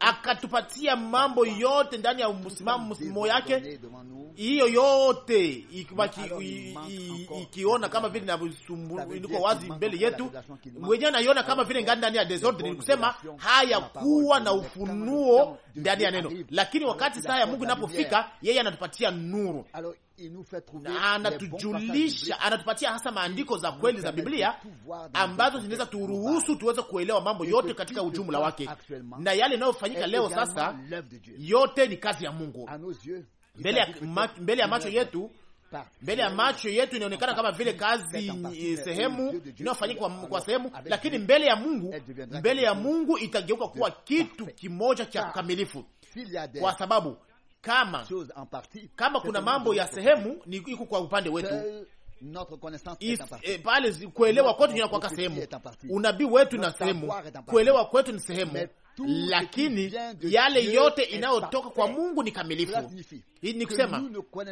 akatupatia mambo yote ndani ya msimamo yake, hiyo yote ikiona kama vile niko wazi mbele yetu mwenyewe, naiona kama vile ngani ndani ya desordre. Nikusema hayakuwa na ufunuo ndani ya neno, lakini wakati saa ya Mungu inapofika, yeye anatupatia anatupatia nuru, anatujulisha, anatupatia hasa maandiko za kweli za Biblia ambazo zinaweza turuhusu tuweze kuelewa mambo yote katika ujumla wake, na yale inayofanyika leo sasa, yote ni kazi ya Mungu mbele ya, mbele ya macho yetu mbele ya macho yetu inaonekana kama vile kazi eh, sehemu inayofanyika kwa, kwa sehemu, lakini mbele ya Mungu, mbele ya Mungu itageuka kuwa kitu kimoja cha kamilifu, kwa sababu kama kama kuna mambo ya sehemu ni iko kwa upande wetu eh, pale kuelewa kwetu ni kwa sehemu, unabii wetu na sehemu, kuelewa kwetu ni sehemu, lakini yale yote inayotoka kwa Mungu ni kamilifu. Ni kusema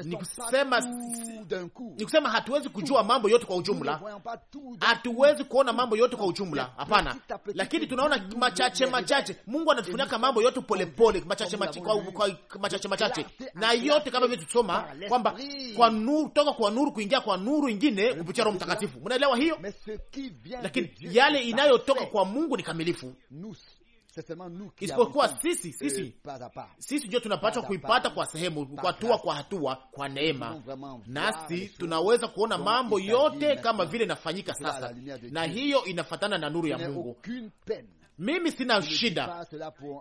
ni kusema ni kusema, hatuwezi kujua mambo yote kwa ujumla, hatuwezi kuona mambo yote kwa ujumla, hapana, lakini tunaona machache machache. Mungu anatufunika mambo yote polepole, machache machache, machache na yote kama vile tusoma kwamba kwa nuru, toka kwa nuru kuingia kwa nuru ingine kupitia Roho Mtakatifu. Mnaelewa hiyo? Lakini yale inayotoka kwa Mungu ni kamilifu isipokuwa sisi sisi sisi ndio tunapata kuipata kwa sehemu, kwa hatua kwa hatua, kwa neema, nasi tunaweza kuona mambo yote kama vile inafanyika sasa, na hiyo inafatana na nuru ya Mungu. Mimi sina shida,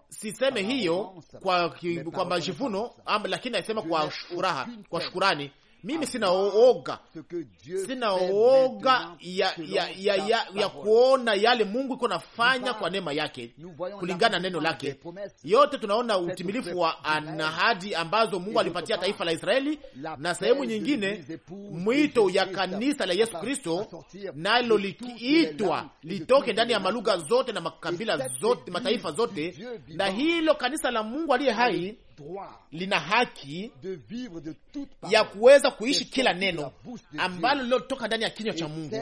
siseme hiyo kwa, majivuno, lakini naisema kwa furaha, kwa shukurani mimi sina oga, sina oga ya, ya, ya, ya, ya kuona yale Mungu iko nafanya kwa neema yake kulingana na neno lake. Yote tunaona utimilifu wa anahadi ambazo Mungu alipatia taifa la Israeli, na sehemu nyingine mwito ya kanisa la Yesu Kristo, nalo likiitwa litoke ndani ya malugha zote na makabila zote, mataifa zote, na hilo kanisa la Mungu aliye hai lina haki ya kuweza kuishi kila neno ambalo lilotoka ndani ya kinywa cha Mungu,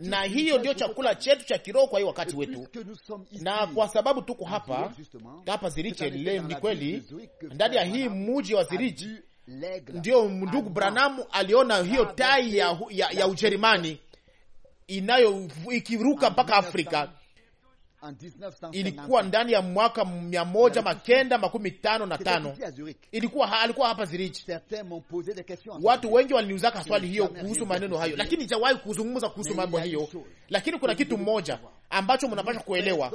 na hiyo ndio chakula chetu cha kiroho kwa hii wakati wetu. Na kwa sababu tuko hapa hapa Ziriche leo, ni kweli ndani ya hii muji wa Ziriche ndio ndugu Branamu aliona hiyo tai ya, ya, ya Ujerumani inayo ikiruka mpaka Afrika ilikuwa ndani ya mwaka mia moja makenda makumi tano na tano ilikuwa alikuwa hapa Zurich. Watu wengi waliniuzaka swali hiyo kuhusu maneno hayo, lakini jawahi kuzungumza kuhusu mambo hiyo. Lakini kuna kitu mmoja ambacho mnapasha kuelewa,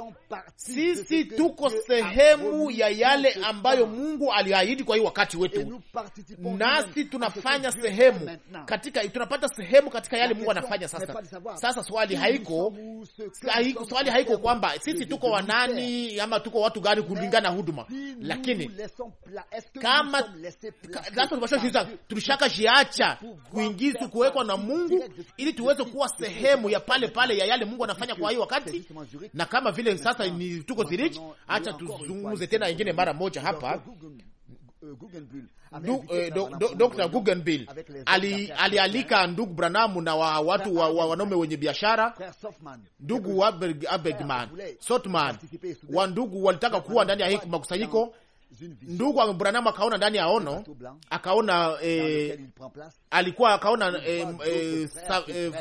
sisi tuko sehemu ya yale ambayo Mungu aliahidi kwa hiyo wakati wetu, nasi tunafanya sehemu katika, tunapata sehemu katika yale Mungu anafanya sasa. Sasa swali haiko, swali haiko kwamba sisi tuko wanani ama tuko watu gani kulingana huduma, lakini kama sasa tulishaka jiacha kuingizwa kuwekwa na Mungu ili tuweze kuwa sehemu ya pale pale ya yale Mungu anafanya kwa hiyo wakati. Na kama vile sasa ni tuko Zurich, acha tuzungumze tena ingine mara moja hapa euh, Dr. Eh, Guggenbill alialika ndugu Branamu na wa watu wa wanaume wenye biashara, ndugu Abegman Sotman wa ndugu walitaka kuwa ndani ya makusanyiko. Ndugu Branamu akaona ndani ya ono, akaona eh, alikuwa akaona eh, eh, eh,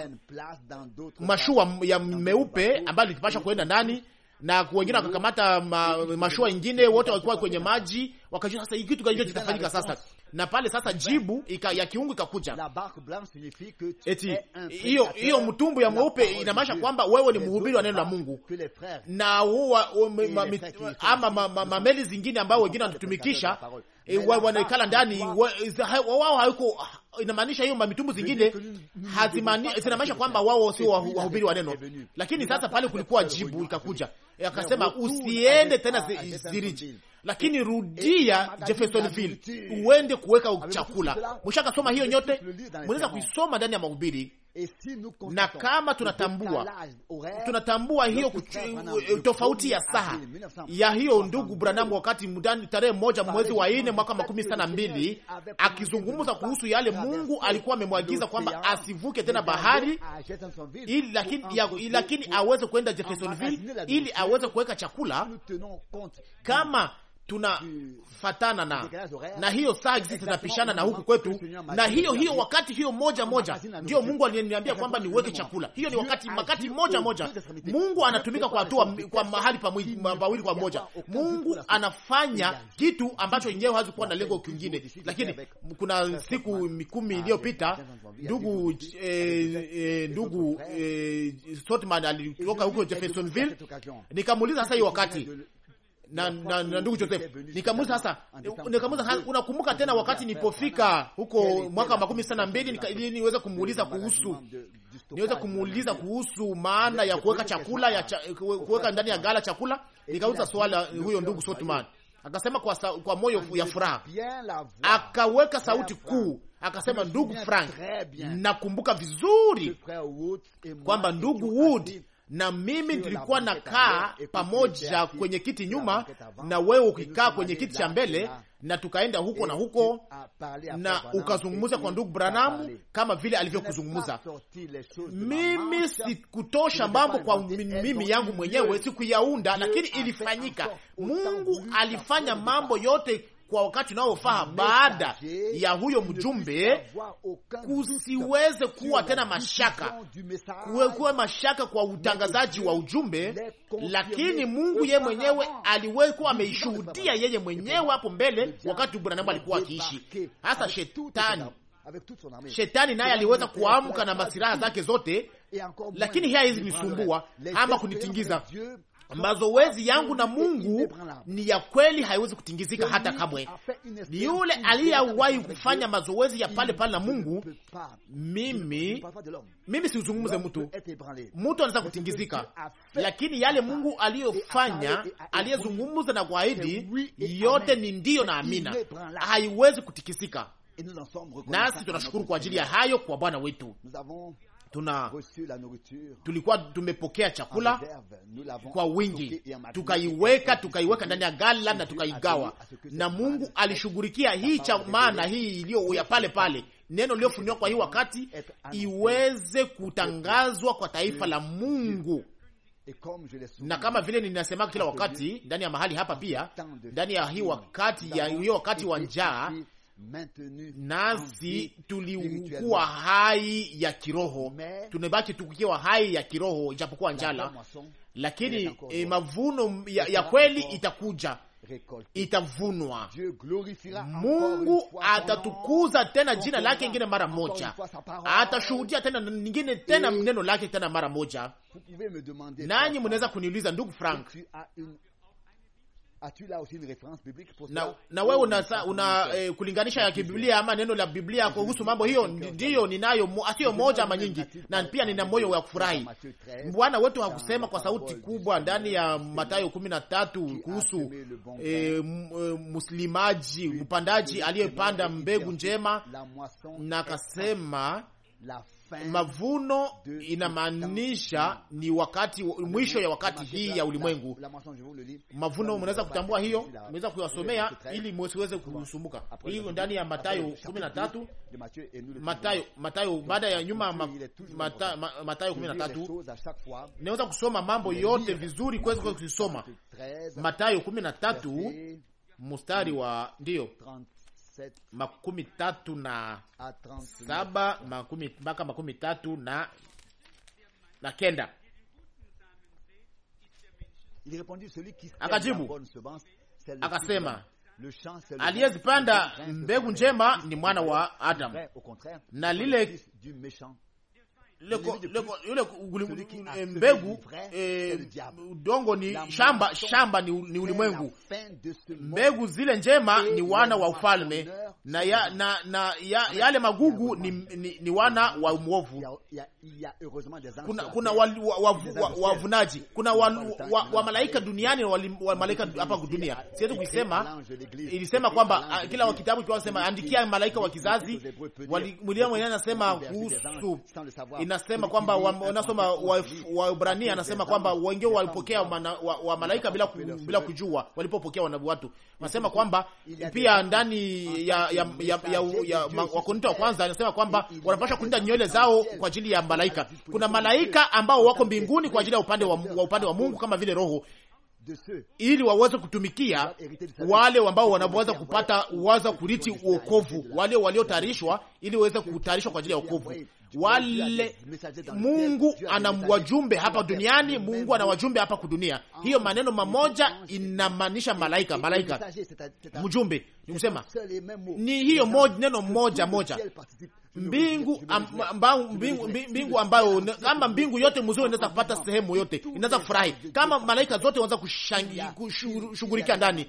mashua ya meupe ambayo litipasha kuenda ndani na wengine wakakamata ma, mashua ingine, wote walikuwa kwenye maji, wakajua sasa kitu gani kitafanyika sasa na pale sasa jibu ika, ya kiungu ikakuja, eti hiyo hiyo mtumbu ya mweupe inamaanisha kwamba wewe ni mhubiri wa neno la Mungu, na huwa ama mameli zingine ambao wengine wanatutumikisha e, wanaikala ndani wao, haiko inamaanisha hiyo mamitumbu zingine zinamaanisha kwamba wao sio wahubiri wa neno, lakini sasa pale kulikuwa jibu, ikakuja akasema usiende tena ah, Ziriji, lakini rudia Jeffersonville uende kuweka chakula. akasoma hiyo nyote, mnaweza kuisoma ndani ya mahubiri na kama tunatambua tunatambua hiyo tofauti ya saha ya hiyo ndugu Branamu, wakati mudani tarehe moja mwezi wa ine mwaka makumi sana mbili akizungumza kuhusu yale Mungu alikuwa amemwagiza kwamba asivuke tena bahari ili lakini, ya, lakini aweze kuenda Jeffersonville ili aweze kuweka chakula kama tunafatana na na hiyo saa sisi zinapishana na huku kwetu, na hiyo hiyo wakati hiyo moja moja ndio Mungu aliniambia kwamba niweke chakula. Hiyo ni wakati wakati moja moja, Mungu anatumika kwa hatua kwa mahali pawili kwa moja. Mungu anafanya kitu ambacho yenyewe hazikuwa na lengo kingine. Lakini kuna siku mikumi ah, iliyopita ndugu eh, eh, ndugu eh, Sotman alitoka huko Jeffersonville, nikamuuliza sasa hiyo wakati na na, na ndugu Joseph nikamuza sasa, nikamuza unakumbuka tena wakati nilipofika huko mwaka makumi sana mbili ili niweze kumuuliza kuhusu niweze kumuuliza kuhusu maana ya kuweka chakula ya cha, kuweka ndani ya gala chakula, nikauliza swala huyo ndugu Sotman akasema kwa, sa, kwa moyo ya furaha akaweka sauti kuu akasema, ndugu Frank, nakumbuka vizuri kwamba ndugu Wood na mimi nilikuwa nakaa pamoja kwenye kiti nyuma na wewe ukikaa kwenye kiti cha mbele, na tukaenda huko na huko, na ukazungumza kwa ndugu Branamu kama vile alivyokuzungumza. Mimi sikutosha mambo kwa mimi yangu mwenyewe, sikuyaunda, lakini ilifanyika. Mungu alifanya mambo yote kwa wakati unaofaa, baada ya huyo mjumbe, kusiweze kuwa tena mashaka, kuwekuwa mashaka kwa utangazaji wa ujumbe, lakini Mungu yeye mwenyewe aliwekuwa ameishuhudia yeye mwenyewe hapo mbele, wakati Branham alikuwa akiishi. Hasa shetani shetani naye aliweza kuamka na masiraha zake zote, lakini hii haizi nisumbua ama kunitingiza, ambazo wezi yangu na Mungu ni ya kweli, haiwezi kutingizika hata kamwe. Ni yule aliyewahi kufanya mazoezi ya pale pale na Mungu. Mimi mimi siuzungumze mtu, mtu anaweza kutingizika, lakini yale Mungu aliyofanya, aliyezungumza na kuahidi, yote ni ndiyo na amina, haiwezi kutikisika. Nasi tunashukuru kwa ajili ya hayo kwa Bwana wetu tuna tulikuwa tumepokea chakula kwa wingi, tukaiweka tukaiweka ndani ya gala na tukaigawa, na Mungu alishughulikia hii cha maana hii iliyo ya pale pale, neno liliofuniwa kwa hii wakati iweze kutangazwa kwa taifa la Mungu na kama vile ninasemaka kila wakati ndani ya mahali hapa pia, ndani ya hii wakati ya hiyo wakati wa njaa nasi tulikuwa hai ya kiroho, tunabaki tukiwa hai ya kiroho, ijapokuwa njala, lakini eh, mavuno ya, ya kweli itakuja itavunwa. Mungu atatukuza tena jina lake ingine mara moja, atashuhudia tena ningine tena neno lake tena mara moja. Nanyi mnaweza kuniuliza ndugu Frank, na, na wewe oh, una, una eh, kulinganisha ya kibiblia ama neno la Biblia kuhusu mambo hiyo. Ndiyo ninayo asiyo moja ama nyingi, na pia nina moyo wa kufurahi. Bwana wetu hakusema kwa sauti kubwa ndani ya Mathayo kumi na tatu kuhusu eh, eh, muslimaji mpandaji aliyepanda mbegu njema na akasema mavuno inamaanisha ni wakati mwisho ya wakati hii ya ulimwengu. Mavuno mnaweza kutambua hiyo, mnaweza kuyasomea ili msiweze kusumbuka. Hiyo ndani ya na tatu matayo matayo baada ya nyuma na tatu naweza kusoma mambo yote vizuri kuweza kuisoma na tatu mstari wa ndiyo makumi tatu na saba makumi mpaka makumi tatu na na kenda. Akajibu akasema aliyezipanda mbegu njema ni mwana wa Adamu na lile yule mm, mbegu eh, udongo ni shamba, shamba ni, ni ulimwengu. Mbegu zile njema ni wana wa ufalme na, ya, na, na ya, yale magugu ni, ni, ni wana wa mwovu. Kuna, kuna wavunaji wa, wa, wa kuna wa, wa malaika duniani na wa malaika hapa dunia. Siwezi kuisema, ilisema kwamba kila kitabu kiwasema andikia malaika wa kizazi, William anasema kuhusu inasema kwamba wanasoma Waebrania wa anasema kwamba wengi walipokea wa, wa malaika bila, bila kujua walipopokea wana watu anasema kwamba pia ndani ya ya, ya, ya, ya ya Wakorinto wa kwanza anasema kwamba wanapasha kulinda nywele zao kwa ajili ya malaika. Kuna malaika ambao wako mbinguni kwa ajili ya upande wa, wa upande wa Mungu kama vile roho ili waweze kutumikia wale ambao wanaweza kupata waza kuriti uokovu, wale waliotayarishwa, ili waweze kutayarishwa kwa ajili ya wokovu wale Mungu ana wajumbe hapa duniani, Mungu ana wajumbe hapa kudunia. Hiyo maneno mamoja inamaanisha malaika, malaika mjumbe, nikusema ni hiyo moja, neno moja moja mbingu ambayo mbingu, mbingu ambayo kama mbingu yote mzuri inaweza kupata sehemu yote, inaweza kufurahi kama malaika zote wanaweza kushughulikia ndani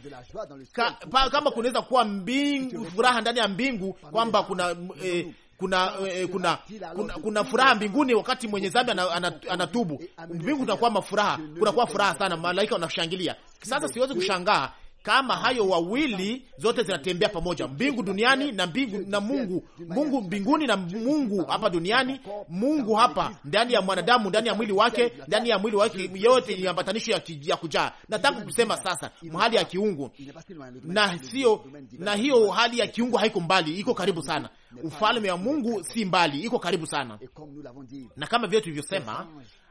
ka, pa, kama kunaweza kuwa mbingu furaha ndani ya mbingu kwamba kuna eh, kuna, eh, eh, kuna, kuna, kuna furaha mbinguni wakati mwenye zambi anatubu. Mbingu kunakuwa mafuraha, kunakuwa furaha sana, malaika wanashangilia. Sasa siwezi kushangaa kama hayo wawili zote zinatembea pamoja, mbingu duniani na mbingu na Mungu, Mungu mbinguni na Mungu hapa duniani, Mungu hapa ndani ya mwanadamu, ndani ya mwili wake, ndani ya mwili wake, yote ni ambatanisho ya, ya kujaa. Nataka kusema sasa mahali ya kiungu na sio na hiyo hali ya kiungu haiko mbali, iko karibu sana. Ufalme wa Mungu si mbali, iko karibu sana, na kama vile tulivyosema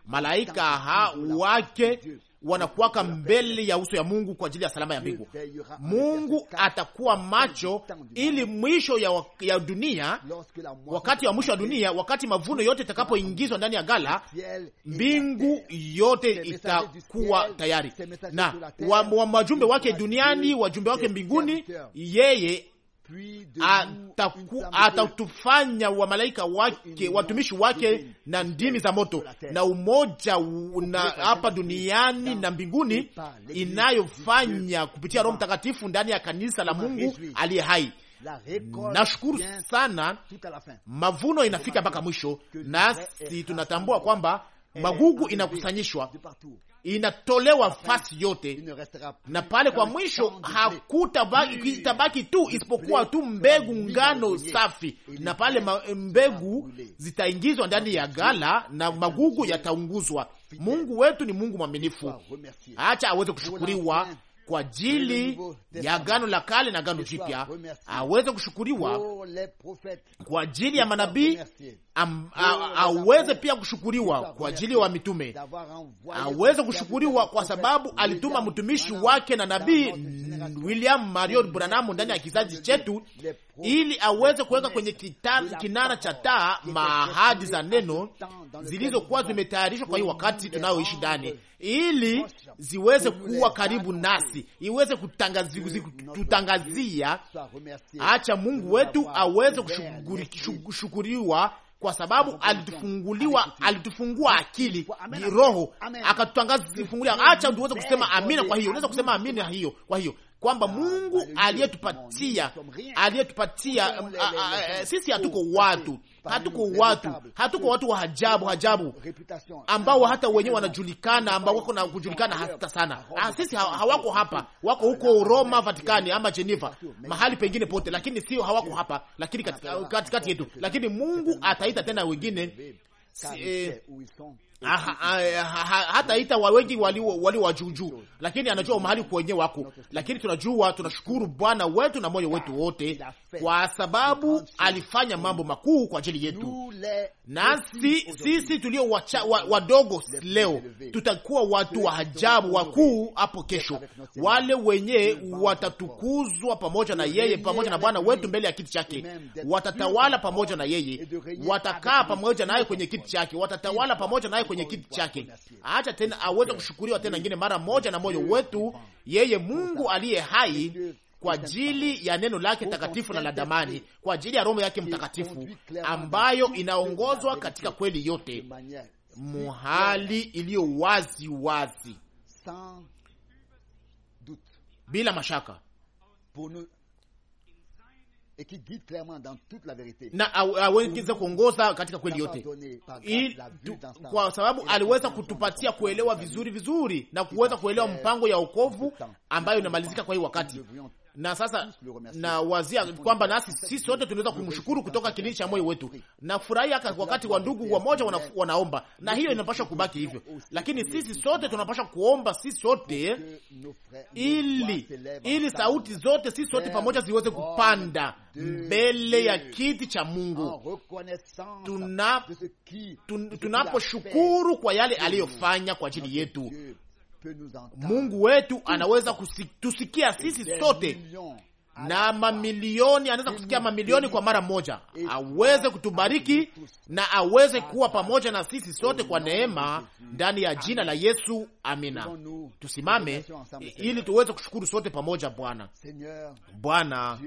malaika ha wake wanakuwaka mbele ya uso ya Mungu kwa ajili ya salama ya mbingu. Mungu atakuwa macho ili mwisho ya, ya dunia, wakati wa mwisho wa dunia, wakati mavuno yote itakapoingizwa ndani ya gala, mbingu yote itakuwa tayari na wa, wa majumbe wake duniani, wajumbe wake mbinguni, yeye atatufanya wamalaika wake watumishi wake na ndimi za moto, na umoja hapa duniani na mbinguni inayofanya kupitia Roho Mtakatifu ndani ya kanisa la Mungu aliye hai. Nashukuru sana, mavuno inafika mpaka mwisho, nasi tunatambua kwamba magugu inakusanyishwa inatolewa fasi yote, na pale kwa mwisho hakutabaki tu isipokuwa tu mbegu ngano safi, na pale mbegu zitaingizwa ndani ya gala na magugu yataunguzwa. Mungu wetu ni Mungu mwaminifu, acha aweze kushukuriwa Oh, kwa ajili ya gano la Kale na gano Jipya, aweze kushukuriwa kwa ajili ya manabii, aweze pia kushukuriwa kwa ajili wa mitume, aweze kushukuriwa kwa sababu alituma mtumishi wake na nabii William Marion Branham ndani ya kizazi chetu, ili aweze kuweka kwenye kinara cha taa mahadi za neno zilizokuwa zimetayarishwa kwa hii wakati tunayoishi ndani, ili ziweze kuwa karibu nasi, iweze kutangazia. Acha Mungu wetu aweze kushukuriwa kwa sababu alitufunguliwa, alitufungua akili roho, akatutangaza kufungulia. Acha tuweze kusema amina. Kwa hiyo unaweza kusema amina hiyo, kwa hiyo kwamba Mungu aliyetupatia aliyetupatia sisi, hatuko watu hatuko watu hatuko watu wa hajabu hajabu ambao hata wenyewe wanajulikana ambao wako na kujulikana hata sana. Ah, sisi hawako hapa, wako huko Roma, Vatikani ama Geneva, mahali pengine pote, lakini sio hawako hapa, lakini katikati yetu, lakini Mungu ataita tena wengine si, eh, Ah, hata ita wa wengi wali wajuju, lakini anajua mahali kwenye wako. Lakini tunajua tunashukuru Bwana wetu na moyo wetu wote, kwa sababu alifanya mambo makuu kwa ajili yetu nasi sisi tulio wadogo wa leo tutakuwa watu wa ajabu wakuu hapo kesho. Wale wenye watatukuzwa pamoja na yeye, pamoja na Bwana wetu mbele ya kiti chake, watatawala pamoja na yeye, watakaa pamoja naye kwenye kiti chake, watatawala pamoja naye kwenye kiti chake. Acha tena aweze kushukuriwa tena ngine mara moja na moyo wetu, yeye Mungu aliye hai kwa ajili ya neno lake takatifu na la damani, kwa ajili ya Roho yake mtakatifu ambayo inaongozwa katika kweli yote, muhali iliyo wazi wazi, bila mashaka na aweze kuongoza katika kweli yote Il, du, kwa sababu aliweza kutupatia kuelewa vizuri vizuri na kuweza kuelewa mpango ya wokovu ambayo inamalizika kwa hii wakati, na sasa na wazia kwamba nasi sisi sote tunaweza kumshukuru kutoka kilindi cha moyo wetu. Nafurahi hata wakati wa ndugu wamoja wana, wanaomba na hiyo inapasha kubaki hivyo, lakini sisi sote tunapasha kuomba sisi sote ili ili sauti zote sisi sote pamoja ziweze kupanda mbele ya kiti cha Mungu tunaposhukuru tuna kwa yale aliyofanya kwa ajili yetu Mungu wetu anaweza kutusikia sisi sote na mamilioni, anaweza kusikia mamilioni kwa mara moja, aweze kutubariki na aweze kuwa pamoja na sisi sote kwa neema, ndani ya jina la Yesu, amina. Tusimame ili tuweze kushukuru sote pamoja. Bwana, Bwana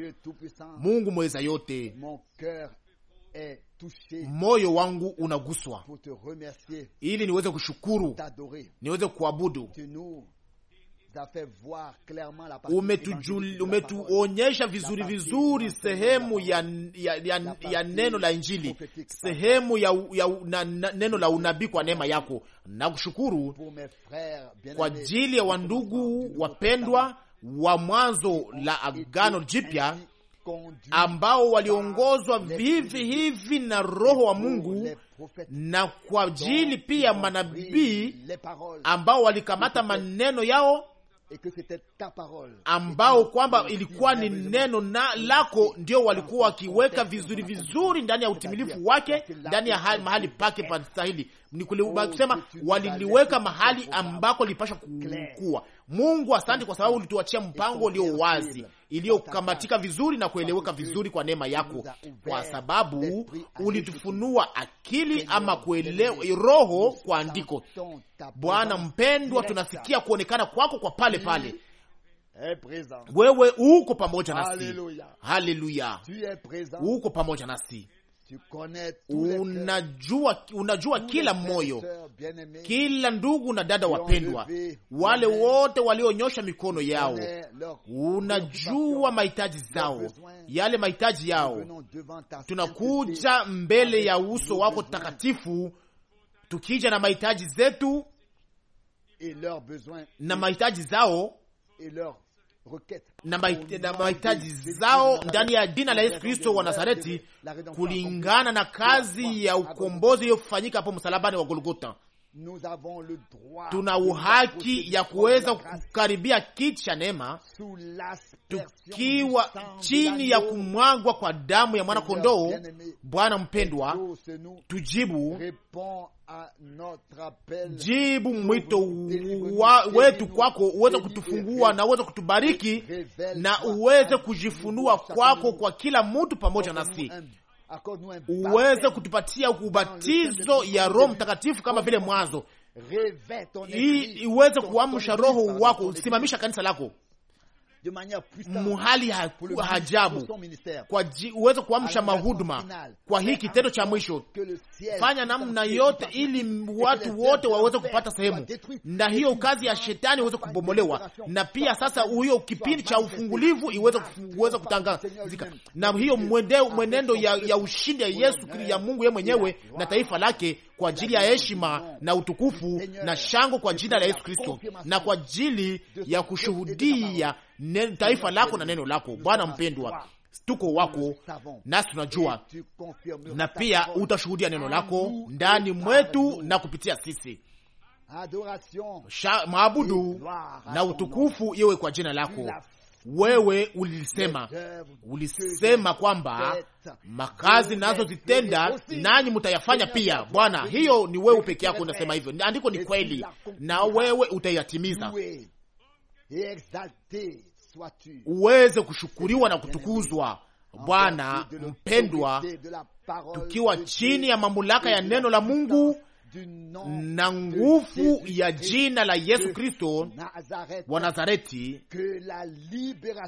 Mungu mweza yote, moyo wangu unaguswa ili niweze kushukuru, niweze kuabudu. Umetuonyesha vizuri vizuri sehemu ya, ya, ya, ya neno la Injili, sehemu ya, ya na, na, neno la unabii kwa neema yako. Nakushukuru kwa ajili ya wandugu wapendwa wa mwanzo la Agano Jipya ambao waliongozwa vivi hivi na Roho wa Mungu na kwa ajili pia manabii ambao walikamata maneno yao ambao kwamba ilikuwa ni neno na lako, ndio walikuwa wakiweka vizuri vizuri ndani ya utimilifu wake, ndani ya hali, mahali pake pastahili Ni kusema oh, waliliweka mahali ambako lipasha kukua, Mungu, asante kwa sababu ulituachia mpango ulio wazi, iliyokamatika vizuri na kueleweka vizuri kwa neema yako, kwa sababu ulitufunua akili ama kuelewa roho kwa andiko. Bwana mpendwa, tunasikia kuonekana kwako kwa pale pale wewe uko pamoja nasi, haleluya! Uko pamoja nasi, unajua, unajua kila moyo, kila ndugu na dada wapendwa, wale wote walionyosha mikono yao, unajua mahitaji zao, yale mahitaji yao. Tunakuja mbele ya uso wako takatifu, tukija na mahitaji zetu na mahitaji zao na mahitaji zao ndani ya jina la Yesu Kristo wa Nazareti, kulingana na kazi ya ukombozi iliyofanyika hapo msalabani wa Golgota tuna uhaki ya kuweza kukaribia kiti cha neema tukiwa chini ya kumwagwa kwa damu ya mwanakondoo. Bwana mpendwa, tujibu jibu mwito wa, wetu kwako, uweze kutufungua na uweze kutubariki na uweze kujifunua kwako kwa kila mtu pamoja nasi uweze kutupatia ubatizo ya Roho Mtakatifu kama vile mwanzo, ili iweze kuamsha roho wako, usimamisha kanisa lako muhali hajabu kwa uweze kuamsha mahuduma kwa hii kitendo cha mwisho. Fanya namna yote ili watu wote waweze kupata sehemu, na hiyo kazi ya shetani iweze kubomolewa, na pia sasa hiyo kipindi cha ufungulivu iweze kutangazika, na hiyo mwenendo ya, ya ushindi ya Yesu ya Mungu ye mwenyewe na taifa lake kwa ajili ya heshima na utukufu na shangwe kwa jina la Yesu Kristo na kwa ajili ya kushuhudia taifa lako na neno lako. Bwana mpendwa, tuko wako nasi tunajua, na pia utashuhudia neno lako ndani mwetu na kupitia sisi. Maabudu na utukufu iwe kwa jina lako wewe ulisema, ulisema kwamba makazi nazozitenda nanyi mutayafanya pia. Bwana, hiyo ni wewe peke yako unasema hivyo, andiko ni kweli, na wewe utayatimiza uweze kushukuriwa na kutukuzwa. Bwana mpendwa, tukiwa chini ya mamlaka ya neno la Mungu na nguvu ya jina la Yesu Kristo wa Nazareti,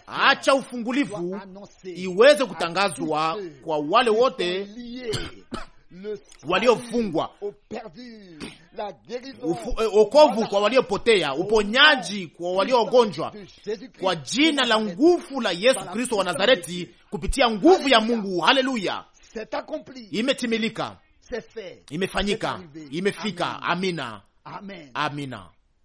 acha ufungulivu iweze kutangazwa kwa wale wote waliofungwa eh, okovu kwa waliopotea, uponyaji kwa waliogonjwa, kwa jina la nguvu la Yesu Kristo wa Nazareti, kupitia nguvu ya Mungu. Haleluya, imetimilika imefanyika, imefika. Amina, amina.